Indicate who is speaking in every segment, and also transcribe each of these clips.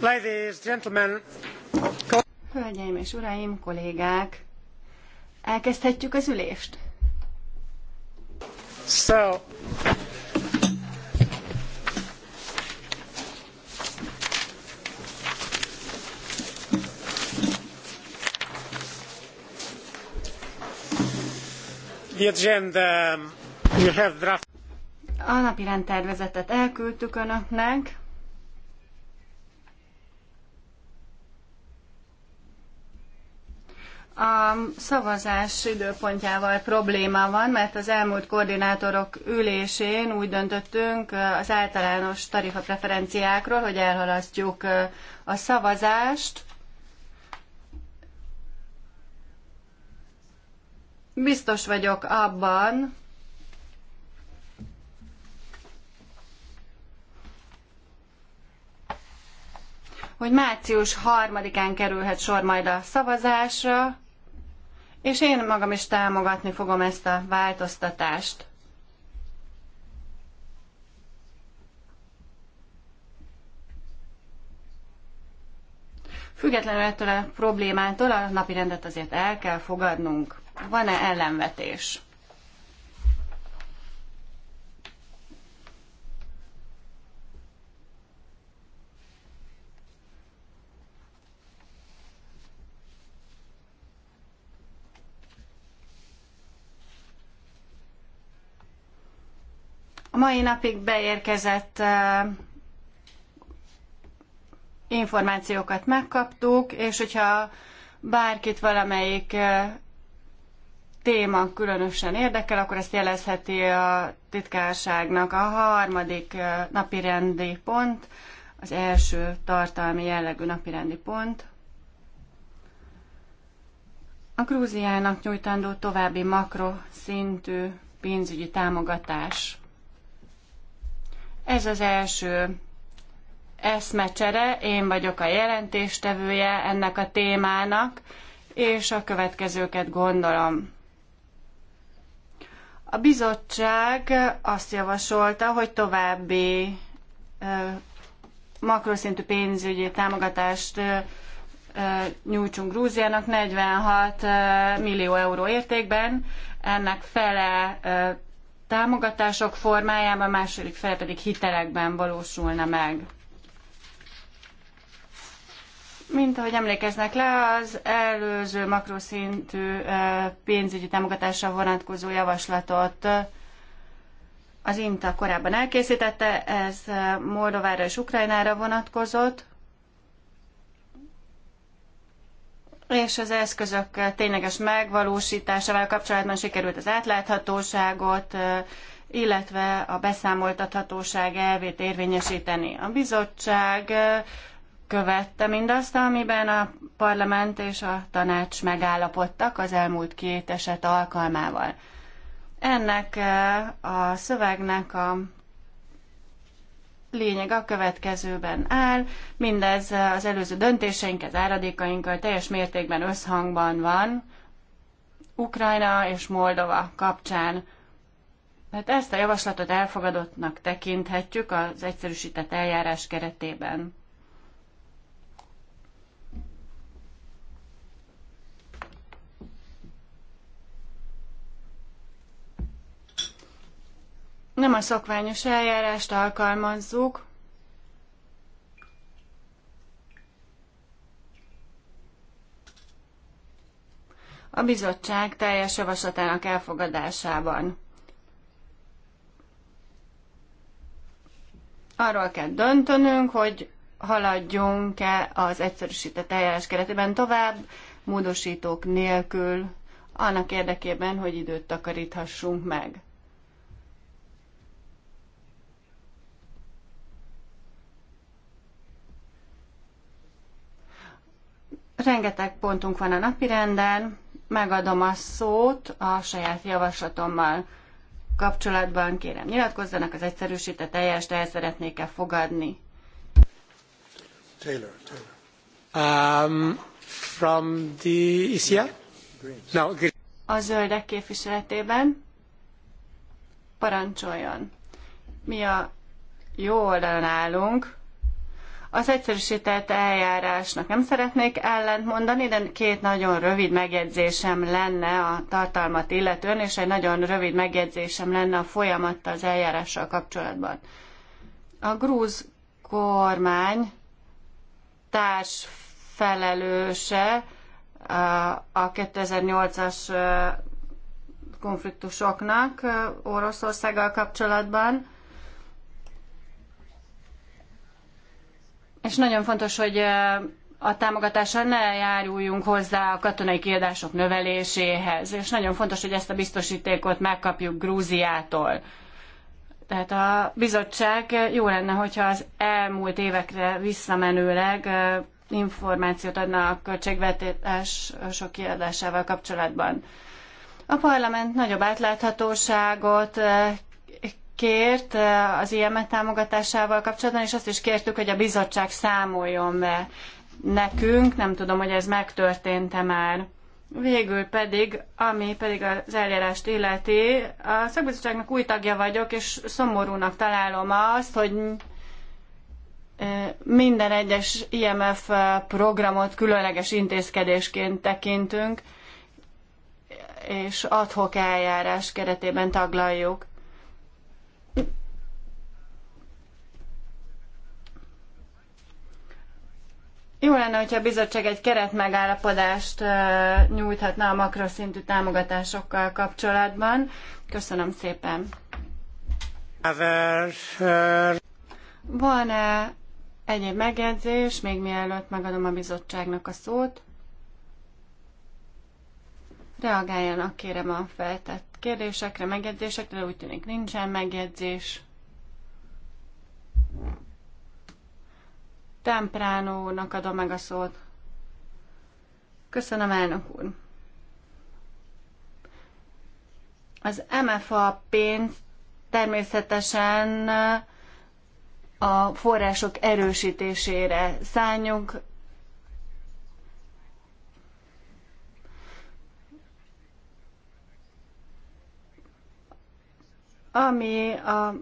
Speaker 1: Ladies, gentlemen. Hölgyeim és uraim, kollégák, elkezdhetjük az ülést. So,
Speaker 2: the agenda you have draft
Speaker 1: a napi rendtervezetet elküldtük önöknek. A szavazás időpontjával probléma van, mert az elmúlt koordinátorok ülésén úgy döntöttünk az általános tarifa preferenciákról, hogy elhalasztjuk a szavazást. Biztos vagyok abban, hogy március 3-án kerülhet sor majd a szavazásra, és én magam is támogatni fogom ezt a változtatást. Függetlenül ettől a problémától a napirendet azért el kell fogadnunk. Van-e ellenvetés? mai napig beérkezett információkat megkaptuk, és hogyha bárkit valamelyik téma különösen érdekel, akkor ezt jelezheti a titkárságnak. A harmadik napirendi pont, az első tartalmi jellegű napirendi pont, a Grúziának nyújtandó további makroszintű pénzügyi támogatás. Ez az első eszmecsere, én vagyok a jelentéstevője ennek a témának, és a következőket gondolom. A bizottság azt javasolta, hogy további makroszintű pénzügyi támogatást nyújtsunk Grúziának 46 millió euró értékben, ennek fele támogatások formájában, a második fele pedig hitelekben valósulna meg. Mint ahogy emlékeznek le, az előző makroszintű pénzügyi támogatásra vonatkozó javaslatot az INTA korábban elkészítette, ez Moldovára és Ukrajnára vonatkozott. és az eszközök tényleges megvalósításával kapcsolatban sikerült az átláthatóságot, illetve a beszámoltathatóság elvét érvényesíteni. A bizottság követte mindazt, amiben a parlament és a tanács megállapodtak az elmúlt két eset alkalmával. Ennek a szövegnek a lényeg a következőben áll, mindez az előző az áradékainkkal teljes mértékben összhangban van, Ukrajna és Moldova kapcsán. Tehát ezt a javaslatot elfogadottnak tekinthetjük az egyszerűsített eljárás keretében. nem a szokványos eljárást alkalmazzuk, a bizottság teljes javaslatának elfogadásában. Arról kell döntenünk, hogy haladjunk-e az egyszerűsített eljárás keretében tovább, módosítók nélkül, annak érdekében, hogy időt takaríthassunk meg. Rengeteg pontunk van a napirenden, megadom a szót a saját javaslatommal kapcsolatban. Kérem, nyilatkozzanak az egyszerűsített eljárást, el szeretnék-e fogadni. Taylor, Taylor. Um, from the ICR? E no, a zöldek képviseletében parancsoljon. Mi a jó oldalon állunk, az egyszerűsített eljárásnak nem szeretnék ellent mondani, de két nagyon rövid megjegyzésem lenne a tartalmat illetően, és egy nagyon rövid megjegyzésem lenne a folyamattal az eljárással kapcsolatban. A grúz kormány társ felelőse a 2008-as konfliktusoknak Oroszországgal kapcsolatban, És nagyon fontos, hogy a támogatással ne járuljunk hozzá a katonai kiadások növeléséhez. És nagyon fontos, hogy ezt a biztosítékot megkapjuk Grúziától. Tehát a bizottság jó lenne, hogyha az elmúlt évekre visszamenőleg információt adna a sok kiadásával kapcsolatban. A parlament nagyobb átláthatóságot kért eh, az IME támogatásával kapcsolatban, és azt is kértük, hogy a bizottság számoljon be nekünk. Nem tudom, hogy ez megtörtént-e már. Végül pedig, ami pedig az eljárást illeti, a szakbizottságnak új tagja vagyok, és szomorúnak találom azt, hogy eh, minden egyes IMF programot különleges intézkedésként tekintünk, és adhok eljárás keretében taglaljuk. Jó lenne, hogyha a bizottság egy keretmegállapodást nyújthatna a makroszintű támogatásokkal kapcsolatban. Köszönöm szépen. Van-e egyéb megjegyzés, még mielőtt megadom a bizottságnak a szót? Reagáljanak kérem a feltett kérdésekre, megjegyzésekre, de úgy tűnik nincsen megjegyzés. Tempránónak adom meg a szót. Köszönöm, elnök úr. Az MFA pénz természetesen a források erősítésére szálljunk. Ami a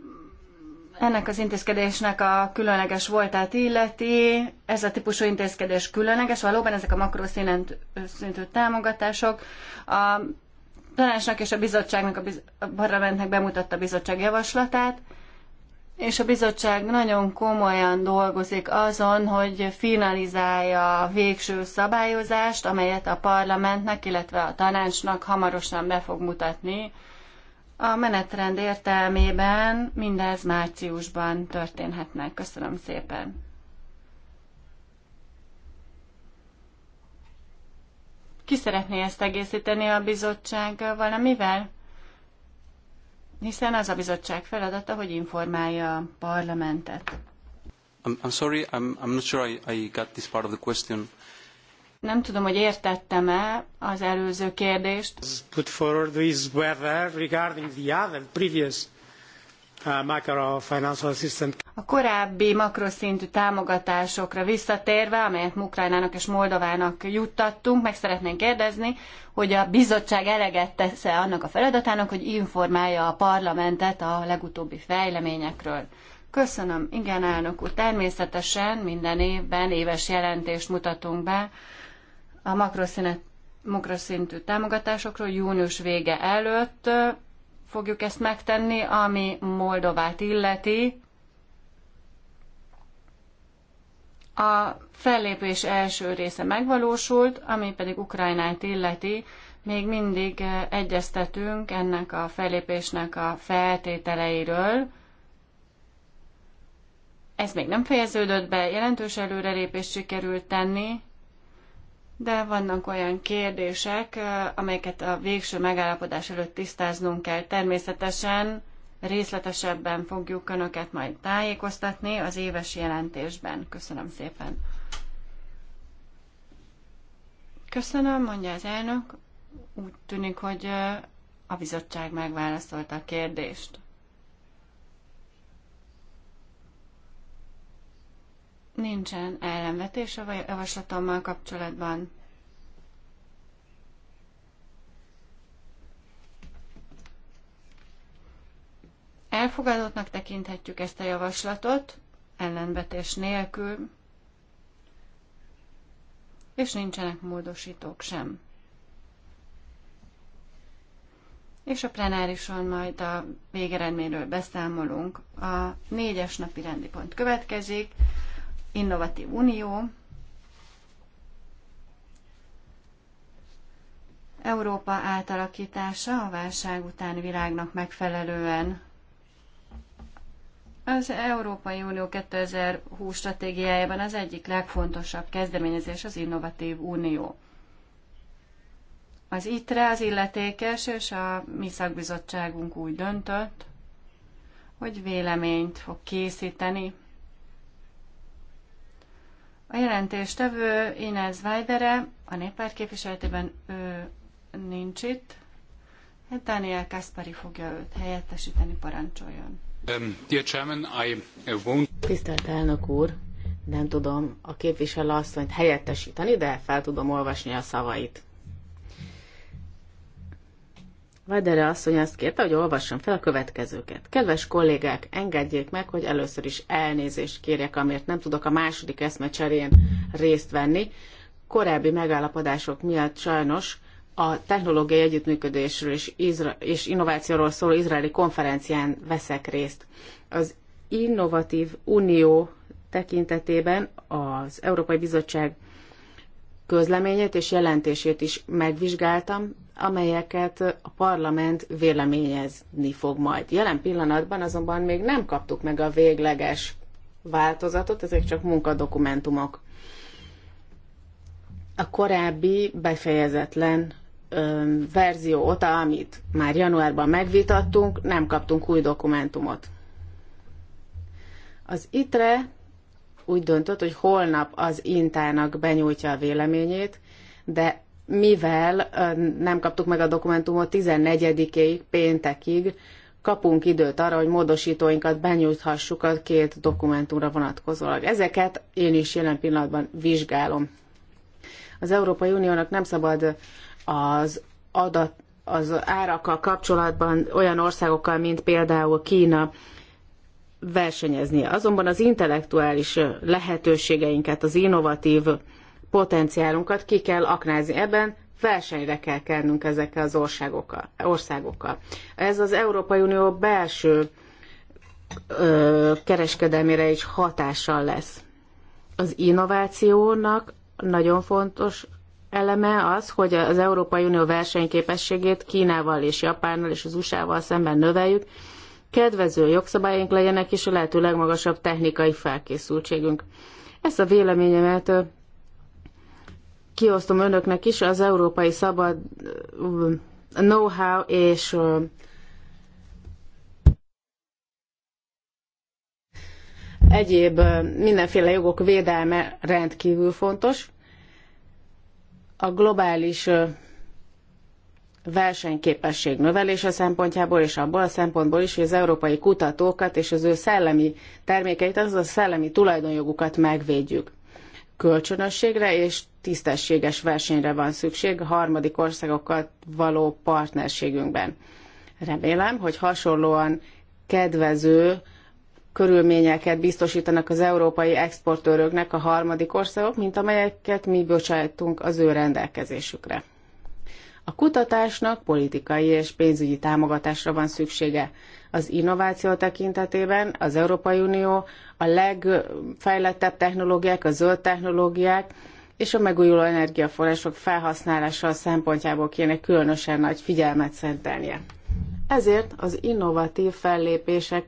Speaker 1: ennek az intézkedésnek a különleges voltát illeti, ez a típusú intézkedés különleges, valóban ezek a makroszintű támogatások. A tanácsnak és a bizottságnak, a, biz- a parlamentnek bemutatta a bizottság javaslatát, és a bizottság nagyon komolyan dolgozik azon, hogy finalizálja a végső szabályozást, amelyet a parlamentnek, illetve a tanácsnak hamarosan be fog mutatni a menetrend értelmében mindez márciusban történhetne. Köszönöm szépen. Ki szeretné ezt egészíteni a bizottság valamivel? Hiszen az a bizottság feladata, hogy informálja a parlamentet.
Speaker 2: I'm, I'm sorry, I'm, I'm not sure I, I got this part of the question.
Speaker 1: Nem tudom, hogy értettem-e az előző kérdést.
Speaker 2: Put forward is whether regarding the other previous uh,
Speaker 1: a korábbi makroszintű támogatásokra visszatérve, amelyet Ukrajnának és Moldovának juttattunk, meg szeretnénk kérdezni, hogy a bizottság eleget tesz-e annak a feladatának, hogy informálja a parlamentet a legutóbbi fejleményekről. Köszönöm, igen, elnök úr. Természetesen minden évben éves jelentést mutatunk be a makroszínet, makroszintű támogatásokról június vége előtt fogjuk ezt megtenni, ami Moldovát illeti. A fellépés első része megvalósult, ami pedig Ukrajnát illeti, még mindig egyeztetünk ennek a fellépésnek a feltételeiről. Ez még nem fejeződött be, jelentős előrelépést sikerült tenni, de vannak olyan kérdések, amelyeket a végső megállapodás előtt tisztáznunk kell. Természetesen részletesebben fogjuk Önöket majd tájékoztatni az éves jelentésben. Köszönöm szépen. Köszönöm, mondja az elnök. Úgy tűnik, hogy a bizottság megválaszolta a kérdést. Nincsen ellenvetés a javaslatommal kapcsolatban. Elfogadottnak tekinthetjük ezt a javaslatot, ellenvetés nélkül, és nincsenek módosítók sem. És a plenárison majd a végeredményről beszámolunk. A négyes napi rendi pont következik innovatív unió, Európa átalakítása a válság után világnak megfelelően. Az Európai Unió 2020 stratégiájában az egyik legfontosabb kezdeményezés az Innovatív Unió. Az ITRE az illetékes, és a mi szakbizottságunk úgy döntött, hogy véleményt fog készíteni a jelentéstevő Inez Weidere, a néppárt képviseletében ő nincs itt. Hát Daniel Kaspari fogja őt helyettesíteni, parancsoljon. Um, Chairman, I won't... Tisztelt elnök úr, nem tudom a képviselő
Speaker 3: asszonyt helyettesíteni, de fel tudom olvasni a szavait. Vedere asszony azt kérte, hogy olvassam fel a következőket. Kedves kollégák, engedjék meg, hogy először is elnézést kérjek, amért nem tudok a második eszmecserén részt venni. Korábbi megállapodások miatt sajnos a technológiai együttműködésről és, izra- és innovációról szóló izraeli konferencián veszek részt. Az Innovatív Unió tekintetében az Európai Bizottság közleményét és jelentését is megvizsgáltam, amelyeket a parlament véleményezni fog majd. Jelen pillanatban azonban még nem kaptuk meg a végleges változatot, ezek csak munkadokumentumok. A korábbi befejezetlen ö, verzió óta, amit már januárban megvitattunk, nem kaptunk új dokumentumot. Az ITRE úgy döntött, hogy holnap az Intának benyújtja a véleményét, de mivel nem kaptuk meg a dokumentumot 14-ig, péntekig, kapunk időt arra, hogy módosítóinkat benyújthassuk a két dokumentumra vonatkozólag. Ezeket én is jelen pillanatban vizsgálom. Az Európai Uniónak nem szabad az adat, az árakkal kapcsolatban olyan országokkal, mint például Kína, versenyeznie. Azonban az intellektuális lehetőségeinket, az innovatív potenciálunkat ki kell aknázni. Ebben versenyre kell kelnünk ezekkel az országokkal. országokkal. Ez az Európai Unió belső ö, kereskedelmére is hatással lesz. Az innovációnak nagyon fontos eleme az, hogy az Európai Unió versenyképességét Kínával és Japánnal és az USA-val szemben növeljük, kedvező jogszabályunk legyenek, és a lehető legmagasabb technikai felkészültségünk. Ezt a véleményemet kiosztom önöknek is, az európai szabad know-how és egyéb mindenféle jogok védelme rendkívül fontos. A globális versenyképesség növelése szempontjából, és abból a szempontból is, hogy az európai kutatókat és az ő szellemi termékeit, azaz a szellemi tulajdonjogukat megvédjük. Kölcsönösségre és tisztességes versenyre van szükség a harmadik országokkal való partnerségünkben. Remélem, hogy hasonlóan kedvező körülményeket biztosítanak az európai exportőröknek a harmadik országok, mint amelyeket mi bocsájtunk az ő rendelkezésükre. A kutatásnak politikai és pénzügyi támogatásra van szüksége. Az innováció tekintetében az Európai Unió a legfejlettebb technológiák, a zöld technológiák és a megújuló energiaforrások felhasználása szempontjából kéne különösen nagy figyelmet szentelnie. Ezért az innovatív fellépések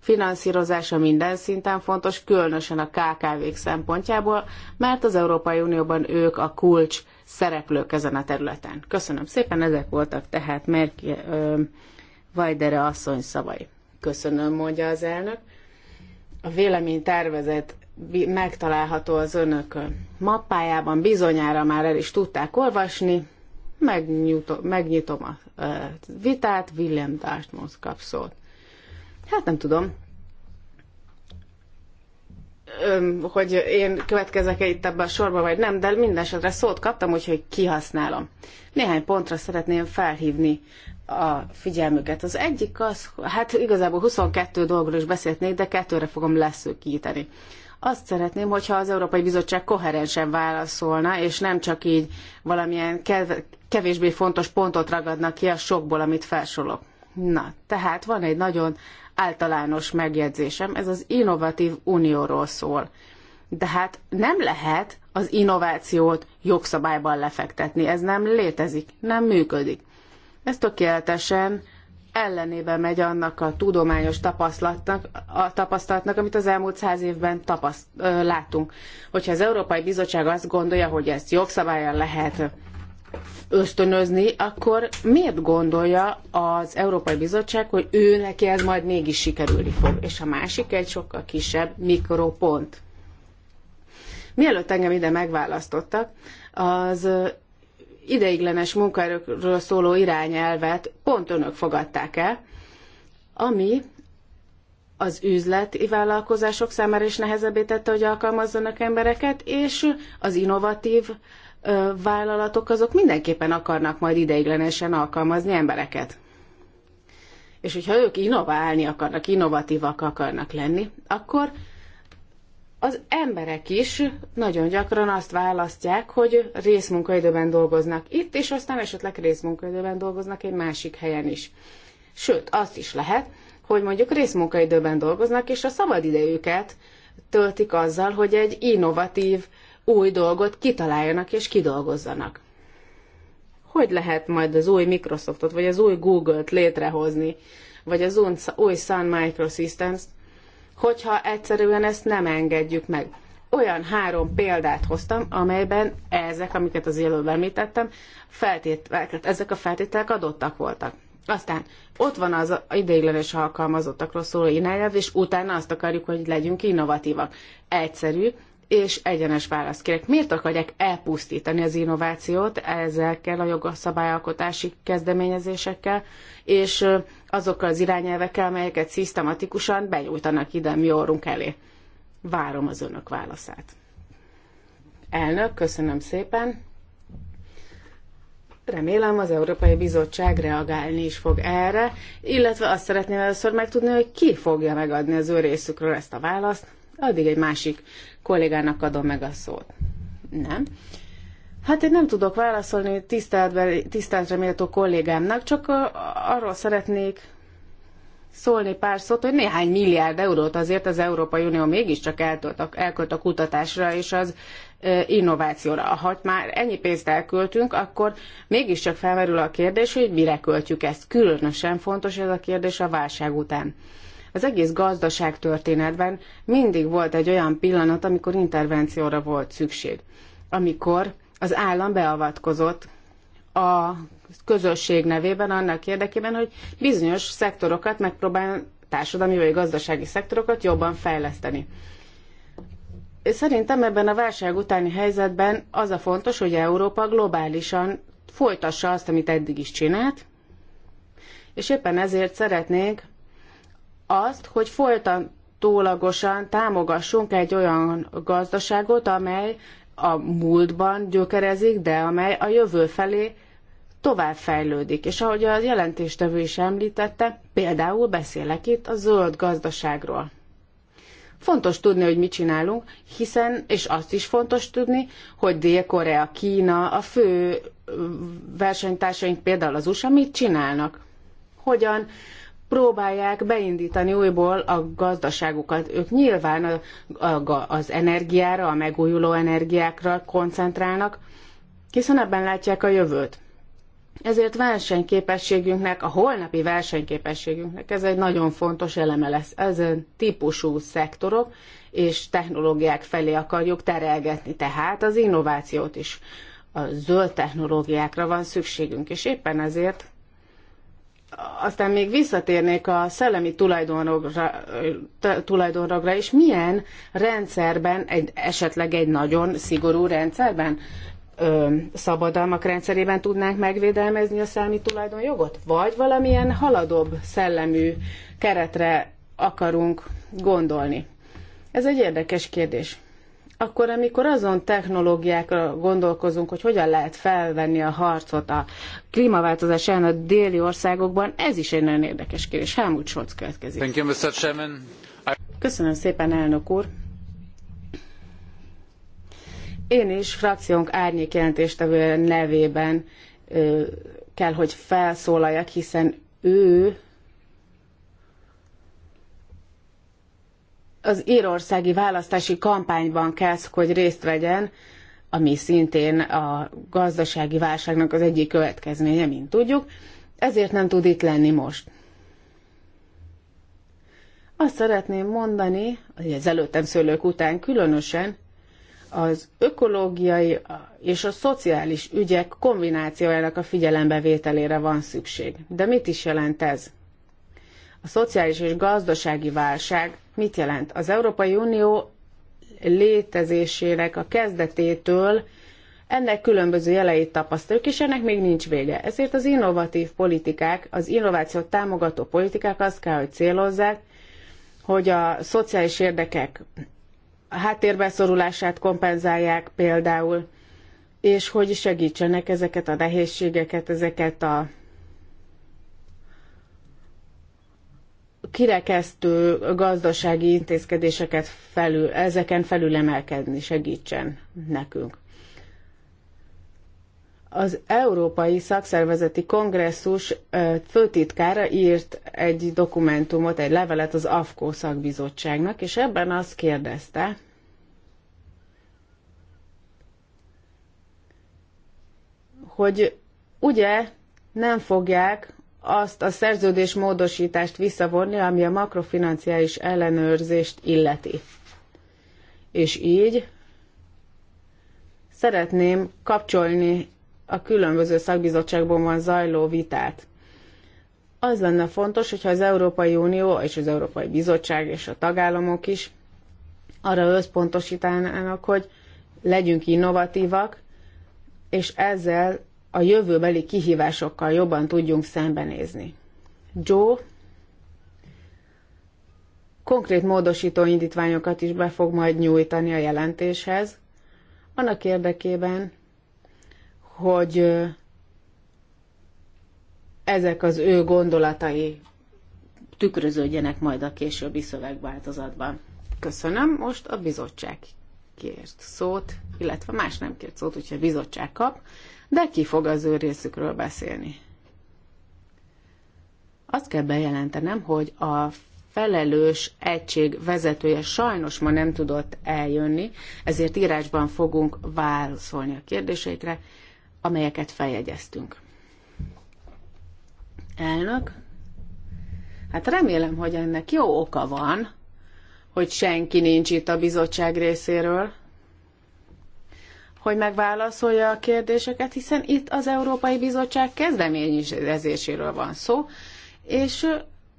Speaker 3: finanszírozása minden szinten fontos, különösen a KKV-k szempontjából, mert az Európai Unióban ők a kulcs szereplők ezen a területen. Köszönöm szépen, ezek voltak tehát Merki Vajdere asszony szavai. Köszönöm, mondja az elnök. A véleménytervezet megtalálható az önök mappájában, bizonyára már el is tudták olvasni. Megnyitom, megnyitom a vitát, Willem Dartmouth kap szót. Hát nem tudom. Öm, hogy én következek-e itt ebbe a sorba, vagy nem, de minden esetre szót kaptam, úgyhogy kihasználom. Néhány pontra szeretném felhívni a figyelmüket. Az egyik az, hát igazából 22 dolgról is beszélnék, de kettőre fogom leszűkíteni. Azt szeretném, hogyha az Európai Bizottság koherensen válaszolna, és nem csak így valamilyen kevésbé fontos pontot ragadnak ki a sokból, amit felsorolok. Na, tehát van egy nagyon általános megjegyzésem, ez az innovatív unióról szól. De hát nem lehet az innovációt jogszabályban lefektetni, ez nem létezik, nem működik. Ez tökéletesen ellenébe megy annak a tudományos tapasztalatnak, a tapasztalatnak amit az elmúlt száz évben tapaszt, ö, látunk. Hogyha az Európai Bizottság azt gondolja, hogy ezt jogszabályon lehet ösztönözni, akkor miért gondolja az Európai Bizottság, hogy ő neki ez majd mégis sikerülni fog? És a másik egy sokkal kisebb mikropont. Mielőtt engem ide megválasztottak, az ideiglenes munkaerőkről szóló irányelvet pont önök fogadták el, ami az üzleti vállalkozások számára is nehezebbé tette, hogy alkalmazzanak embereket, és az innovatív vállalatok azok mindenképpen akarnak majd ideiglenesen alkalmazni embereket. És hogyha ők innoválni akarnak, innovatívak akarnak lenni, akkor az emberek is nagyon gyakran azt választják, hogy részmunkaidőben dolgoznak itt, és aztán esetleg részmunkaidőben dolgoznak egy másik helyen is. Sőt, azt is lehet, hogy mondjuk részmunkaidőben dolgoznak, és a szabadidejüket töltik azzal, hogy egy innovatív új dolgot kitaláljanak és kidolgozzanak. Hogy lehet majd az új Microsoftot, vagy az új Google-t létrehozni, vagy az új Sun microsystems hogyha egyszerűen ezt nem engedjük meg. Olyan három példát hoztam, amelyben ezek, amiket az előbb említettem, feltételeket, ezek a feltételek adottak voltak. Aztán ott van az ideiglenes alkalmazottakról szóló irányelv, és utána azt akarjuk, hogy legyünk innovatívak. Egyszerű, és egyenes választ kérek. Miért akarják elpusztítani az innovációt ezekkel a jogszabályalkotási kezdeményezésekkel, és azokkal az irányelvekkel, amelyeket szisztematikusan benyújtanak ide mi orrunk elé? Várom az önök válaszát. Elnök, köszönöm szépen. Remélem az Európai Bizottság reagálni is fog erre, illetve azt szeretném először megtudni, hogy ki fogja megadni az ő részükről ezt a választ, addig egy másik kollégának adom meg a szót. Nem. Hát én nem tudok válaszolni tiszteletre méltó kollégámnak, csak arról szeretnék szólni pár szót, hogy néhány milliárd eurót azért az Európai Unió mégiscsak eltölt a, elkölt a kutatásra és az innovációra. Ha már ennyi pénzt elköltünk, akkor mégiscsak felmerül a kérdés, hogy mire költjük ezt. Különösen fontos ez a kérdés a válság után. Az egész gazdaság történetben mindig volt egy olyan pillanat, amikor intervencióra volt szükség. Amikor az állam beavatkozott a közösség nevében annak érdekében, hogy bizonyos szektorokat megpróbál társadalmi vagy gazdasági szektorokat jobban fejleszteni. Szerintem ebben a válság utáni helyzetben az a fontos, hogy Európa globálisan folytassa azt, amit eddig is csinált, és éppen ezért szeretnénk azt, hogy folytatólagosan támogassunk egy olyan gazdaságot, amely a múltban gyökerezik, de amely a jövő felé továbbfejlődik. És ahogy a jelentéstevő is említette, például beszélek itt a zöld gazdaságról. Fontos tudni, hogy mit csinálunk, hiszen, és azt is fontos tudni, hogy Dél-Korea, Kína, a fő versenytársaink, például az USA mit csinálnak. Hogyan próbálják beindítani újból a gazdaságukat. Ők nyilván a, a, az energiára, a megújuló energiákra koncentrálnak, hiszen ebben látják a jövőt. Ezért versenyképességünknek, a holnapi versenyképességünknek ez egy nagyon fontos eleme lesz. Ezen típusú szektorok és technológiák felé akarjuk terelgetni, tehát az innovációt is. A zöld technológiákra van szükségünk, és éppen ezért aztán még visszatérnék a szellemi tulajdonjogra, tulajdonjogra is. Milyen rendszerben, egy, esetleg egy nagyon szigorú rendszerben, ö, szabadalmak rendszerében tudnánk megvédelmezni a szellemi tulajdonjogot? Vagy valamilyen haladóbb szellemű keretre akarunk gondolni? Ez egy érdekes kérdés akkor amikor azon technológiákra gondolkozunk, hogy hogyan lehet felvenni a harcot a klímaváltozás ellen a déli országokban, ez is egy nagyon érdekes kérdés. Helmut Scholz következik.
Speaker 2: Thank you, Mr. Chairman. I...
Speaker 3: Köszönöm szépen, elnök úr. Én is frakciónk árnyék jelentéstevő nevében ö, kell, hogy felszólaljak, hiszen ő az írországi választási kampányban kezd, hogy részt vegyen, ami szintén a gazdasági válságnak az egyik következménye, mint tudjuk, ezért nem tud itt lenni most. Azt szeretném mondani, hogy az előttem szőlők után különösen az ökológiai és a szociális ügyek kombinációjának a figyelembevételére van szükség. De mit is jelent ez? A szociális és gazdasági válság mit jelent? Az Európai Unió létezésének a kezdetétől ennek különböző jeleit tapasztaljuk, és ennek még nincs vége. Ezért az innovatív politikák, az innovációt támogató politikák azt kell, hogy célozzák, hogy a szociális érdekek háttérbe szorulását kompenzálják például, és hogy segítsenek ezeket a nehézségeket, ezeket a kirekesztő gazdasági intézkedéseket felül, ezeken felül emelkedni segítsen nekünk. Az Európai Szakszervezeti Kongresszus főtitkára írt egy dokumentumot, egy levelet az AFKO szakbizottságnak, és ebben azt kérdezte, hogy ugye nem fogják azt a szerződés módosítást visszavonni, ami a makrofinanciális ellenőrzést illeti. És így szeretném kapcsolni a különböző szakbizottságban van zajló vitát. Az lenne fontos, hogyha az Európai Unió és az Európai Bizottság és a tagállamok is arra összpontosítanának, hogy legyünk innovatívak, és ezzel a jövőbeli kihívásokkal jobban tudjunk szembenézni. Joe konkrét módosító indítványokat is be fog majd nyújtani a jelentéshez, annak érdekében, hogy ezek az ő gondolatai tükröződjenek majd a későbbi szövegváltozatban. Köszönöm, most a bizottság kért szót, illetve más nem kért szót, úgyhogy a bizottság kap de ki fog az ő részükről beszélni. Azt kell bejelentenem, hogy a felelős egység vezetője sajnos ma nem tudott eljönni, ezért írásban fogunk válaszolni a kérdéseikre, amelyeket feljegyeztünk. Elnök, hát remélem, hogy ennek jó oka van, hogy senki nincs itt a bizottság részéről hogy megválaszolja a kérdéseket, hiszen itt az Európai Bizottság kezdeményezéséről van szó, és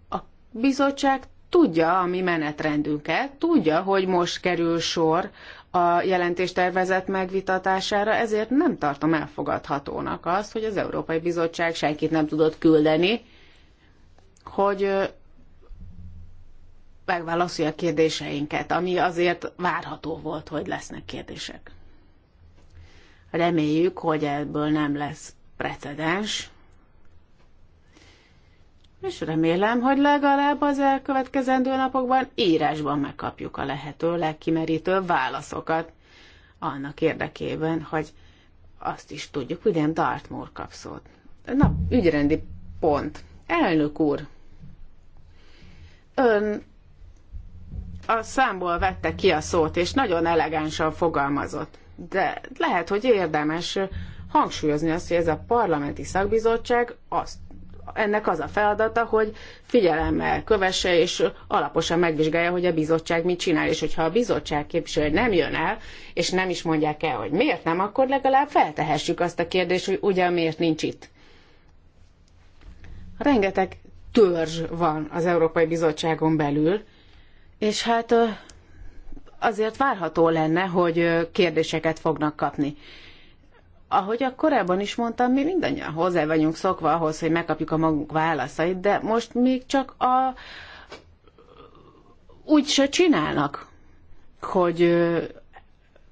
Speaker 3: a bizottság tudja a mi menetrendünket, tudja, hogy most kerül sor a jelentéstervezet megvitatására, ezért nem tartom elfogadhatónak azt, hogy az Európai Bizottság senkit nem tudott küldeni, hogy megválaszolja a kérdéseinket, ami azért várható volt, hogy lesznek kérdések. Reméljük, hogy ebből nem lesz precedens. És remélem, hogy legalább az elkövetkezendő napokban írásban megkapjuk a lehető legkimerítőbb válaszokat. Annak érdekében, hogy azt is tudjuk, William Dartmoor kapszót. Na, ügyrendi pont. Elnök úr, ön a számból vette ki a szót, és nagyon elegánsan fogalmazott de lehet, hogy érdemes hangsúlyozni azt, hogy ez a parlamenti szakbizottság azt ennek az a feladata, hogy figyelemmel kövesse és alaposan megvizsgálja, hogy a bizottság mit csinál, és hogyha a bizottság képviselő nem jön el, és nem is mondják el, hogy miért nem, akkor legalább feltehessük azt a kérdést, hogy ugye miért nincs itt. Rengeteg törzs van az Európai Bizottságon belül, és hát azért várható lenne, hogy kérdéseket fognak kapni. Ahogy a korábban is mondtam, mi mindannyian hozzá vagyunk szokva ahhoz, hogy megkapjuk a magunk válaszait, de most még csak a... úgy se csinálnak, hogy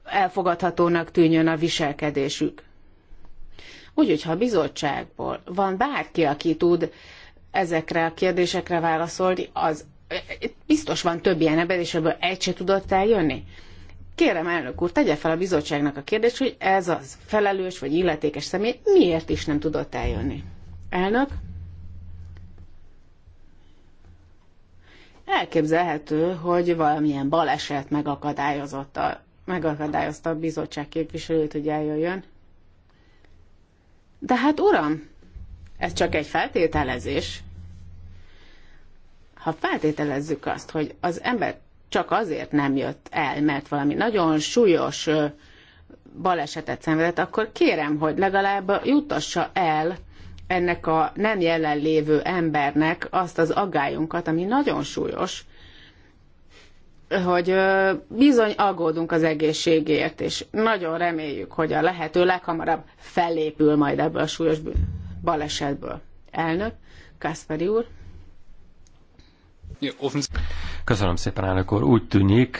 Speaker 3: elfogadhatónak tűnjön a viselkedésük. Úgyhogy, ha a bizottságból van bárki, aki tud ezekre a kérdésekre válaszolni, az biztos van több ilyen ember, és ebből egy se tudott eljönni. Kérem, elnök úr, tegye fel a bizottságnak a kérdést, hogy ez az felelős vagy illetékes személy miért is nem tudott eljönni. Elnök? Elképzelhető, hogy valamilyen baleset megakadályozott a, megakadályozta a bizottság képviselőt, hogy eljöjjön. De hát uram, ez csak egy feltételezés. Ha feltételezzük azt, hogy az ember csak azért nem jött el, mert valami nagyon súlyos balesetet szenvedett, akkor kérem, hogy legalább jutassa el ennek a nem jelenlévő embernek azt az aggályunkat, ami nagyon súlyos, hogy bizony aggódunk az egészségért, és nagyon reméljük, hogy a lehető leghamarabb felépül majd ebből a súlyos balesetből. Elnök, Kászperi úr.
Speaker 2: Köszönöm szépen, elnök úr. Úgy tűnik,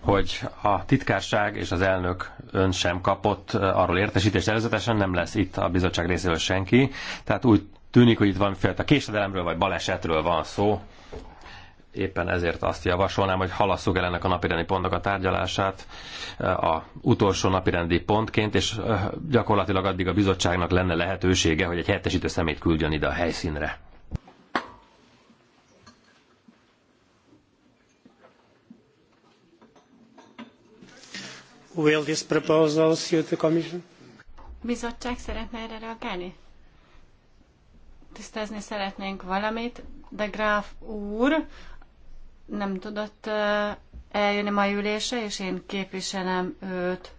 Speaker 2: hogy a titkárság és az elnök ön sem kapott arról értesítést előzetesen, nem lesz itt a bizottság részéről senki. Tehát úgy tűnik, hogy itt van a késedelemről vagy balesetről van szó. Éppen ezért azt javasolnám, hogy halasszuk el ennek a napirendi pontnak a tárgyalását a utolsó napirendi pontként, és gyakorlatilag addig a bizottságnak lenne lehetősége, hogy egy helyettesítő szemét küldjön ide a helyszínre.
Speaker 1: Will this proposal suit the Commission? Bizottság szeretne erre reagálni? Tisztázni szeretnénk valamit, de Graf úr nem tudott eljönni mai ülése, és én képviselem őt.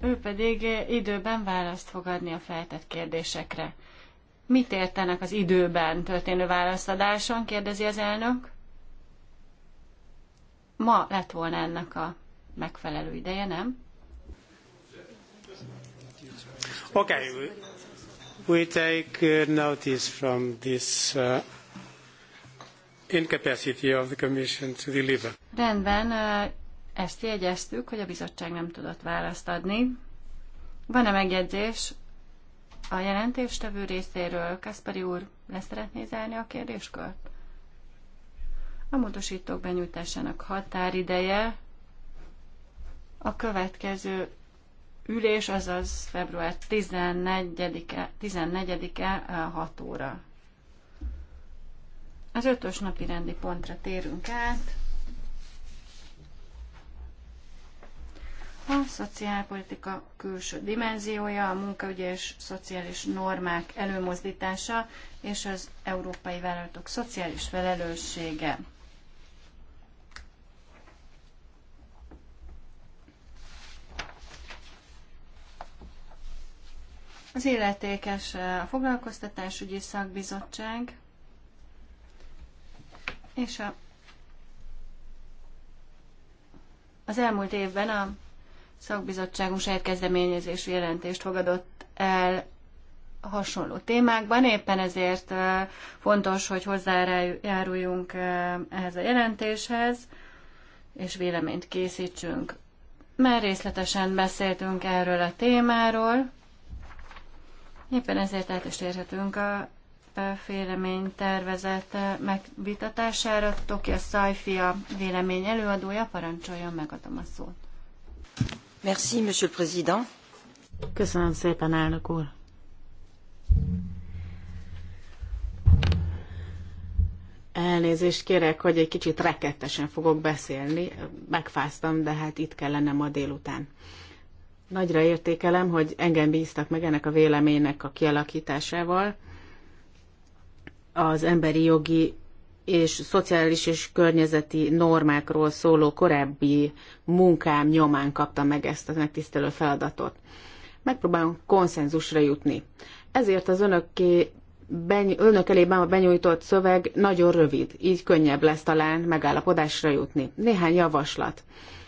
Speaker 1: Ő pedig időben választ fog adni a feltett kérdésekre. Mit értenek az időben történő válaszadáson, kérdezi az elnök. Ma lett volna ennek a megfelelő ideje, nem? Okay, we take uh, notice from this uh,
Speaker 2: incapacity of the Commission to deliver.
Speaker 1: Rendben, uh, ezt jegyeztük, hogy a bizottság nem tudott választ adni. Van-e megjegyzés a jelentéstevő részéről? Kaspari úr, leszeretné zárni a kérdéskört? A módosítók benyújtásának határideje a következő ülés, azaz február 14-e, 14 6 óra. Az ötös napi rendi pontra térünk át. A szociálpolitika külső dimenziója, a munkaügyi és szociális normák előmozdítása és az európai vállalatok szociális felelőssége. Az illetékes a foglalkoztatásügyi szakbizottság és a, az elmúlt évben a szakbizottságunk saját kezdeményezésű jelentést fogadott el hasonló témákban, éppen ezért fontos, hogy hozzájáruljunk ehhez a jelentéshez, és véleményt készítsünk. Már részletesen beszéltünk erről a témáról, Éppen ezért át is térhetünk a félemény tervezett megvitatására. Tokia Szajfia vélemény előadója, parancsoljon, megadom a szót.
Speaker 3: Merci, Monsieur le Président. Köszönöm szépen, elnök úr. Elnézést kérek, hogy egy kicsit rekettesen fogok beszélni. Megfáztam, de hát itt kellene ma délután. Nagyra értékelem, hogy engem bíztak meg ennek a véleménynek a kialakításával. Az emberi jogi és szociális és környezeti normákról szóló korábbi munkám nyomán kaptam meg ezt a megtisztelő feladatot. Megpróbálom konszenzusra jutni. Ezért az önöké beny- önök elében benyújtott szöveg nagyon rövid, így könnyebb lesz talán megállapodásra jutni. Néhány javaslat.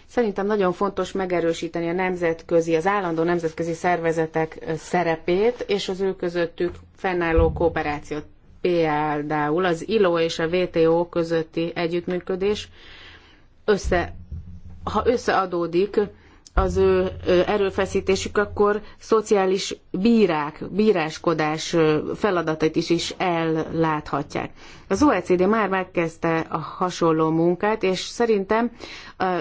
Speaker 3: Szerintem nagyon fontos megerősíteni a nemzetközi, az állandó nemzetközi szervezetek szerepét, és az ő közöttük fennálló kooperációt. Például az ILO és a WTO közötti együttműködés össze, ha összeadódik, az ő erőfeszítésük, akkor szociális bírák, bíráskodás feladatait is, is elláthatják. Az OECD már megkezdte a hasonló munkát, és szerintem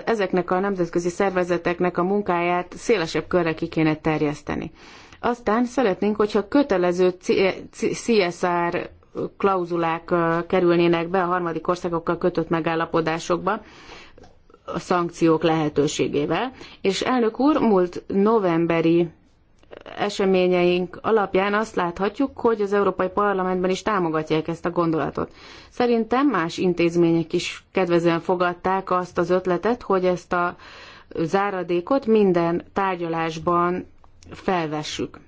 Speaker 3: ezeknek a nemzetközi szervezeteknek a munkáját szélesebb körre ki kéne terjeszteni. Aztán szeretnénk, hogyha kötelező CSR klauzulák kerülnének be a harmadik országokkal kötött megállapodásokba, a szankciók lehetőségével. És elnök úr, múlt novemberi eseményeink alapján azt láthatjuk, hogy az Európai Parlamentben is támogatják ezt a gondolatot. Szerintem más intézmények is kedvezően fogadták azt az ötletet, hogy ezt a záradékot minden tárgyalásban felvessük.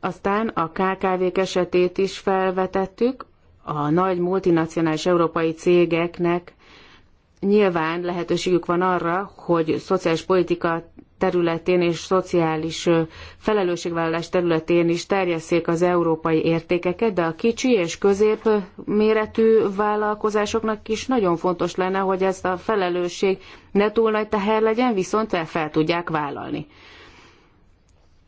Speaker 3: Aztán a KKV-k esetét is felvetettük, a nagy multinacionális európai cégeknek nyilván lehetőségük van arra, hogy szociális politika területén és szociális felelősségvállalás területén is terjesszék az európai értékeket, de a kicsi és középméretű méretű vállalkozásoknak is nagyon fontos lenne, hogy ezt a felelősség ne túl nagy teher legyen, viszont el fel tudják vállalni.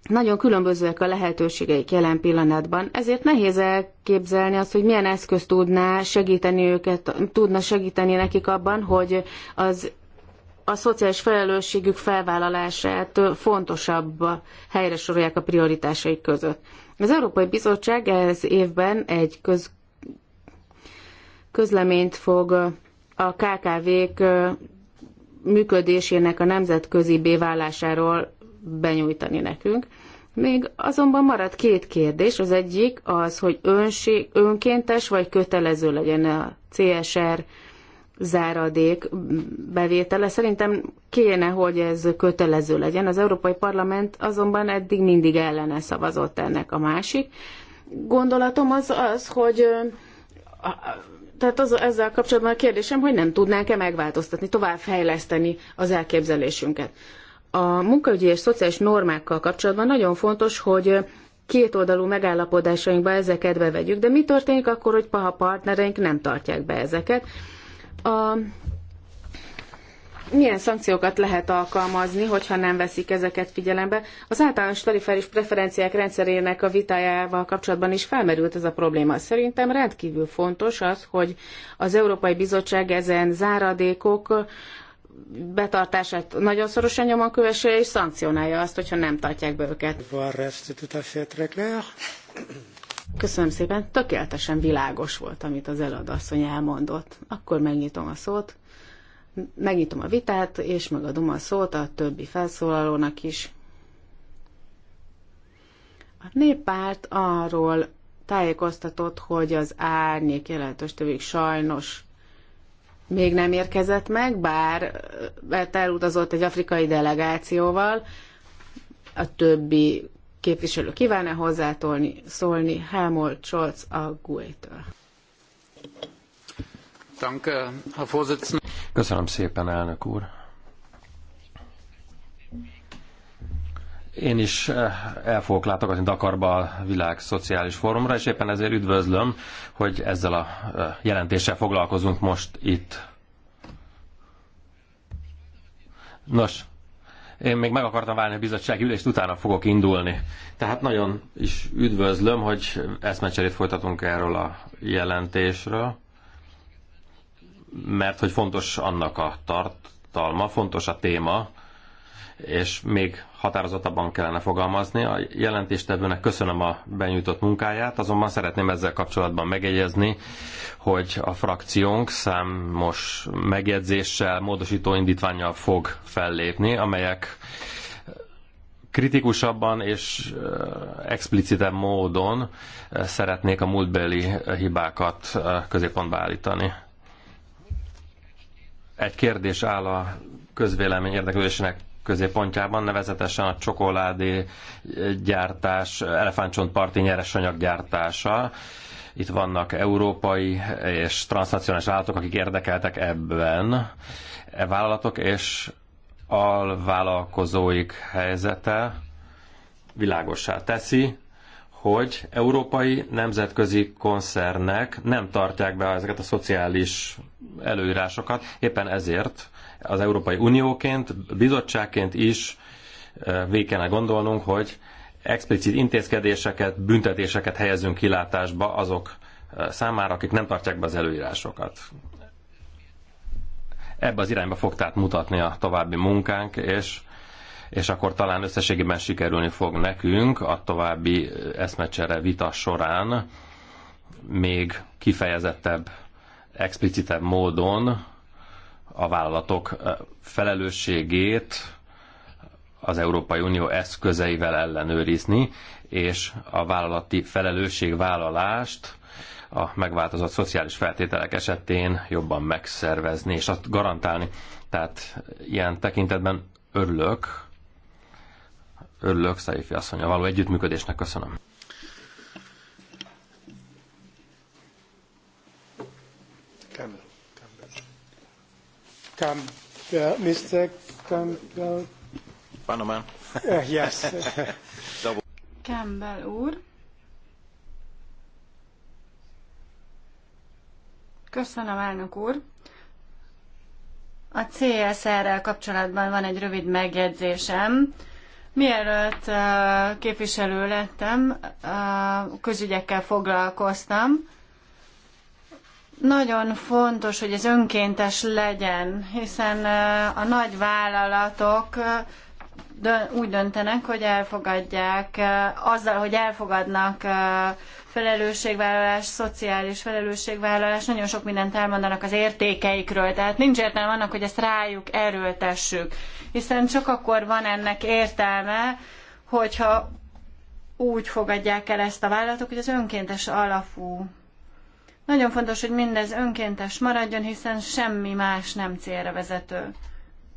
Speaker 3: Nagyon különbözőek a lehetőségeik jelen pillanatban, ezért nehéz elképzelni azt, hogy milyen eszköz tudná segíteni őket, tudna segíteni nekik abban, hogy az a szociális felelősségük felvállalását fontosabb helyre sorolják a prioritásaik között. Az Európai Bizottság ez évben egy köz, közleményt fog a KKV-k működésének a nemzetközi válásáról benyújtani nekünk. Még azonban maradt két kérdés. Az egyik az, hogy önség, önkéntes vagy kötelező legyen a CSR záradék bevétele. Szerintem kéne, hogy ez kötelező legyen. Az Európai Parlament azonban eddig mindig ellene szavazott ennek a másik. Gondolatom az az, hogy tehát az, ezzel kapcsolatban a kérdésem, hogy nem tudnánk-e megváltoztatni, tovább fejleszteni az elképzelésünket a munkaügyi és szociális normákkal kapcsolatban nagyon fontos, hogy kétoldalú megállapodásainkba ezeket bevegyük, de mi történik akkor, hogy a partnereink nem tartják be ezeket? A... Milyen szankciókat lehet alkalmazni, hogyha nem veszik ezeket figyelembe? Az általános tarifális preferenciák rendszerének a vitájával kapcsolatban is felmerült ez a probléma. Szerintem rendkívül fontos az, hogy az Európai Bizottság ezen záradékok betartását nagyon szorosan nyomon kövesse, és szankcionálja azt, hogyha nem tartják be őket. Köszönöm szépen, tökéletesen világos volt, amit az előadasszony elmondott. Akkor megnyitom a szót, megnyitom a vitát, és megadom a szót a többi felszólalónak is. A néppárt arról tájékoztatott, hogy az árnyék jelentős tövük sajnos még nem érkezett meg, bár eh, elutazott egy afrikai delegációval, a többi képviselő kívánna -e hozzátolni, szólni Helmut Scholz a GUE-től.
Speaker 2: Köszönöm szépen, elnök úr. Én is eh, el fogok látogatni Dakarba a világ szociális fórumra, és éppen ezért üdvözlöm, hogy ezzel a eh, jelentéssel foglalkozunk most itt. Nos, én még meg akartam válni a bizottsági ülést, utána fogok indulni. Tehát nagyon is üdvözlöm, hogy eszmecserét folytatunk erről a jelentésről, mert hogy fontos annak a tartalma, fontos a téma, és még határozottabban kellene fogalmazni. A jelentéstevőnek köszönöm a benyújtott munkáját, azonban szeretném ezzel kapcsolatban megjegyezni, hogy a frakciónk számos megjegyzéssel, módosító indítványjal fog fellépni, amelyek kritikusabban és explicitebb módon szeretnék a múltbeli hibákat középpontba állítani. Egy kérdés áll a közvélemény érdeklődésének középpontjában, nevezetesen a csokoládé gyártás, elefántcsontparti nyeresanyag gyártása. Itt vannak európai és transnacionális állatok, akik érdekeltek ebben. E vállalatok és vállalkozóik helyzete világossá teszi, hogy európai nemzetközi koncernek nem tartják be ezeket a szociális előírásokat. Éppen ezért az Európai Unióként, bizottságként is végig kellene gondolnunk, hogy explicit intézkedéseket, büntetéseket helyezünk kilátásba azok számára, akik nem tartják be az előírásokat. Ebbe az irányba fog tehát mutatni a további munkánk, és, és akkor talán összességében sikerülni fog nekünk a további eszmecsere vita során még kifejezettebb explicitebb módon a vállalatok felelősségét az Európai Unió eszközeivel ellenőrizni, és a vállalati felelősségvállalást a megváltozott szociális feltételek esetén jobban megszervezni és azt garantálni. Tehát ilyen tekintetben örülök, örülök Szaifi asszonya való együttműködésnek köszönöm.
Speaker 1: Camp, uh, Mr. Campbell.
Speaker 2: Panamá. Uh, yes.
Speaker 1: Campbell úr. Köszönöm, elnök úr. A CSR-rel kapcsolatban van egy rövid megjegyzésem. Mielőtt képviselő lettem, közügyekkel foglalkoztam, nagyon fontos, hogy ez önkéntes legyen, hiszen a nagy vállalatok úgy döntenek, hogy elfogadják, azzal, hogy elfogadnak felelősségvállalás, szociális felelősségvállalás, nagyon sok mindent elmondanak az értékeikről, tehát nincs értelme annak, hogy ezt rájuk erőltessük, hiszen csak akkor van ennek értelme, hogyha úgy fogadják el ezt a vállalatok, hogy az önkéntes alapú nagyon fontos, hogy mindez önkéntes maradjon, hiszen semmi más nem célra vezető.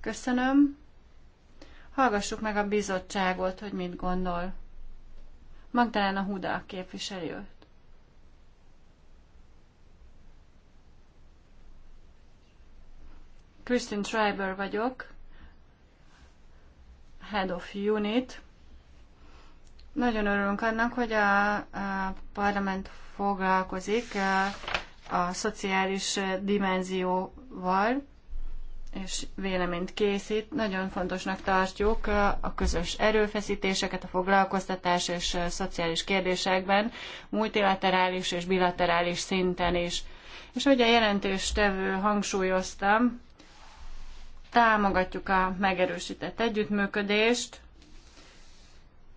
Speaker 1: Köszönöm. Hallgassuk meg a bizottságot, hogy mit gondol. Magdalena Huda a képviselő. Kristin Schreiber vagyok, Head of Unit. Nagyon örülünk annak, hogy a, a parlament foglalkozik a szociális dimenzióval, és véleményt készít. Nagyon fontosnak tartjuk a közös erőfeszítéseket a foglalkoztatás és a szociális kérdésekben, multilaterális és bilaterális szinten is. És ugye a tevő hangsúlyoztam, támogatjuk a megerősített együttműködést,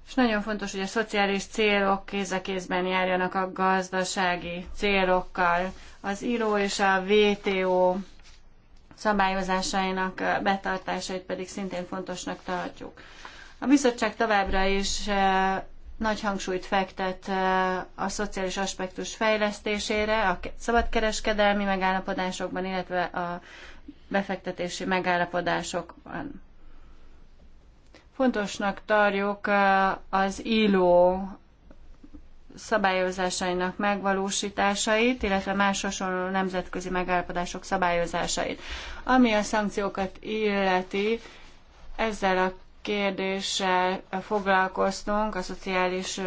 Speaker 1: és nagyon fontos, hogy a szociális célok kéz a kézben járjanak a gazdasági célokkal. Az író és a VTO szabályozásainak betartásait pedig szintén fontosnak tartjuk. A bizottság továbbra is eh, nagy hangsúlyt fektet eh, a szociális aspektus fejlesztésére, a szabadkereskedelmi megállapodásokban, illetve a befektetési megállapodásokban. Fontosnak tarjuk az ILO szabályozásainak megvalósításait, illetve más hasonló nemzetközi megállapodások szabályozásait. Ami a szankciókat illeti, ezzel a kérdéssel foglalkoztunk a szociális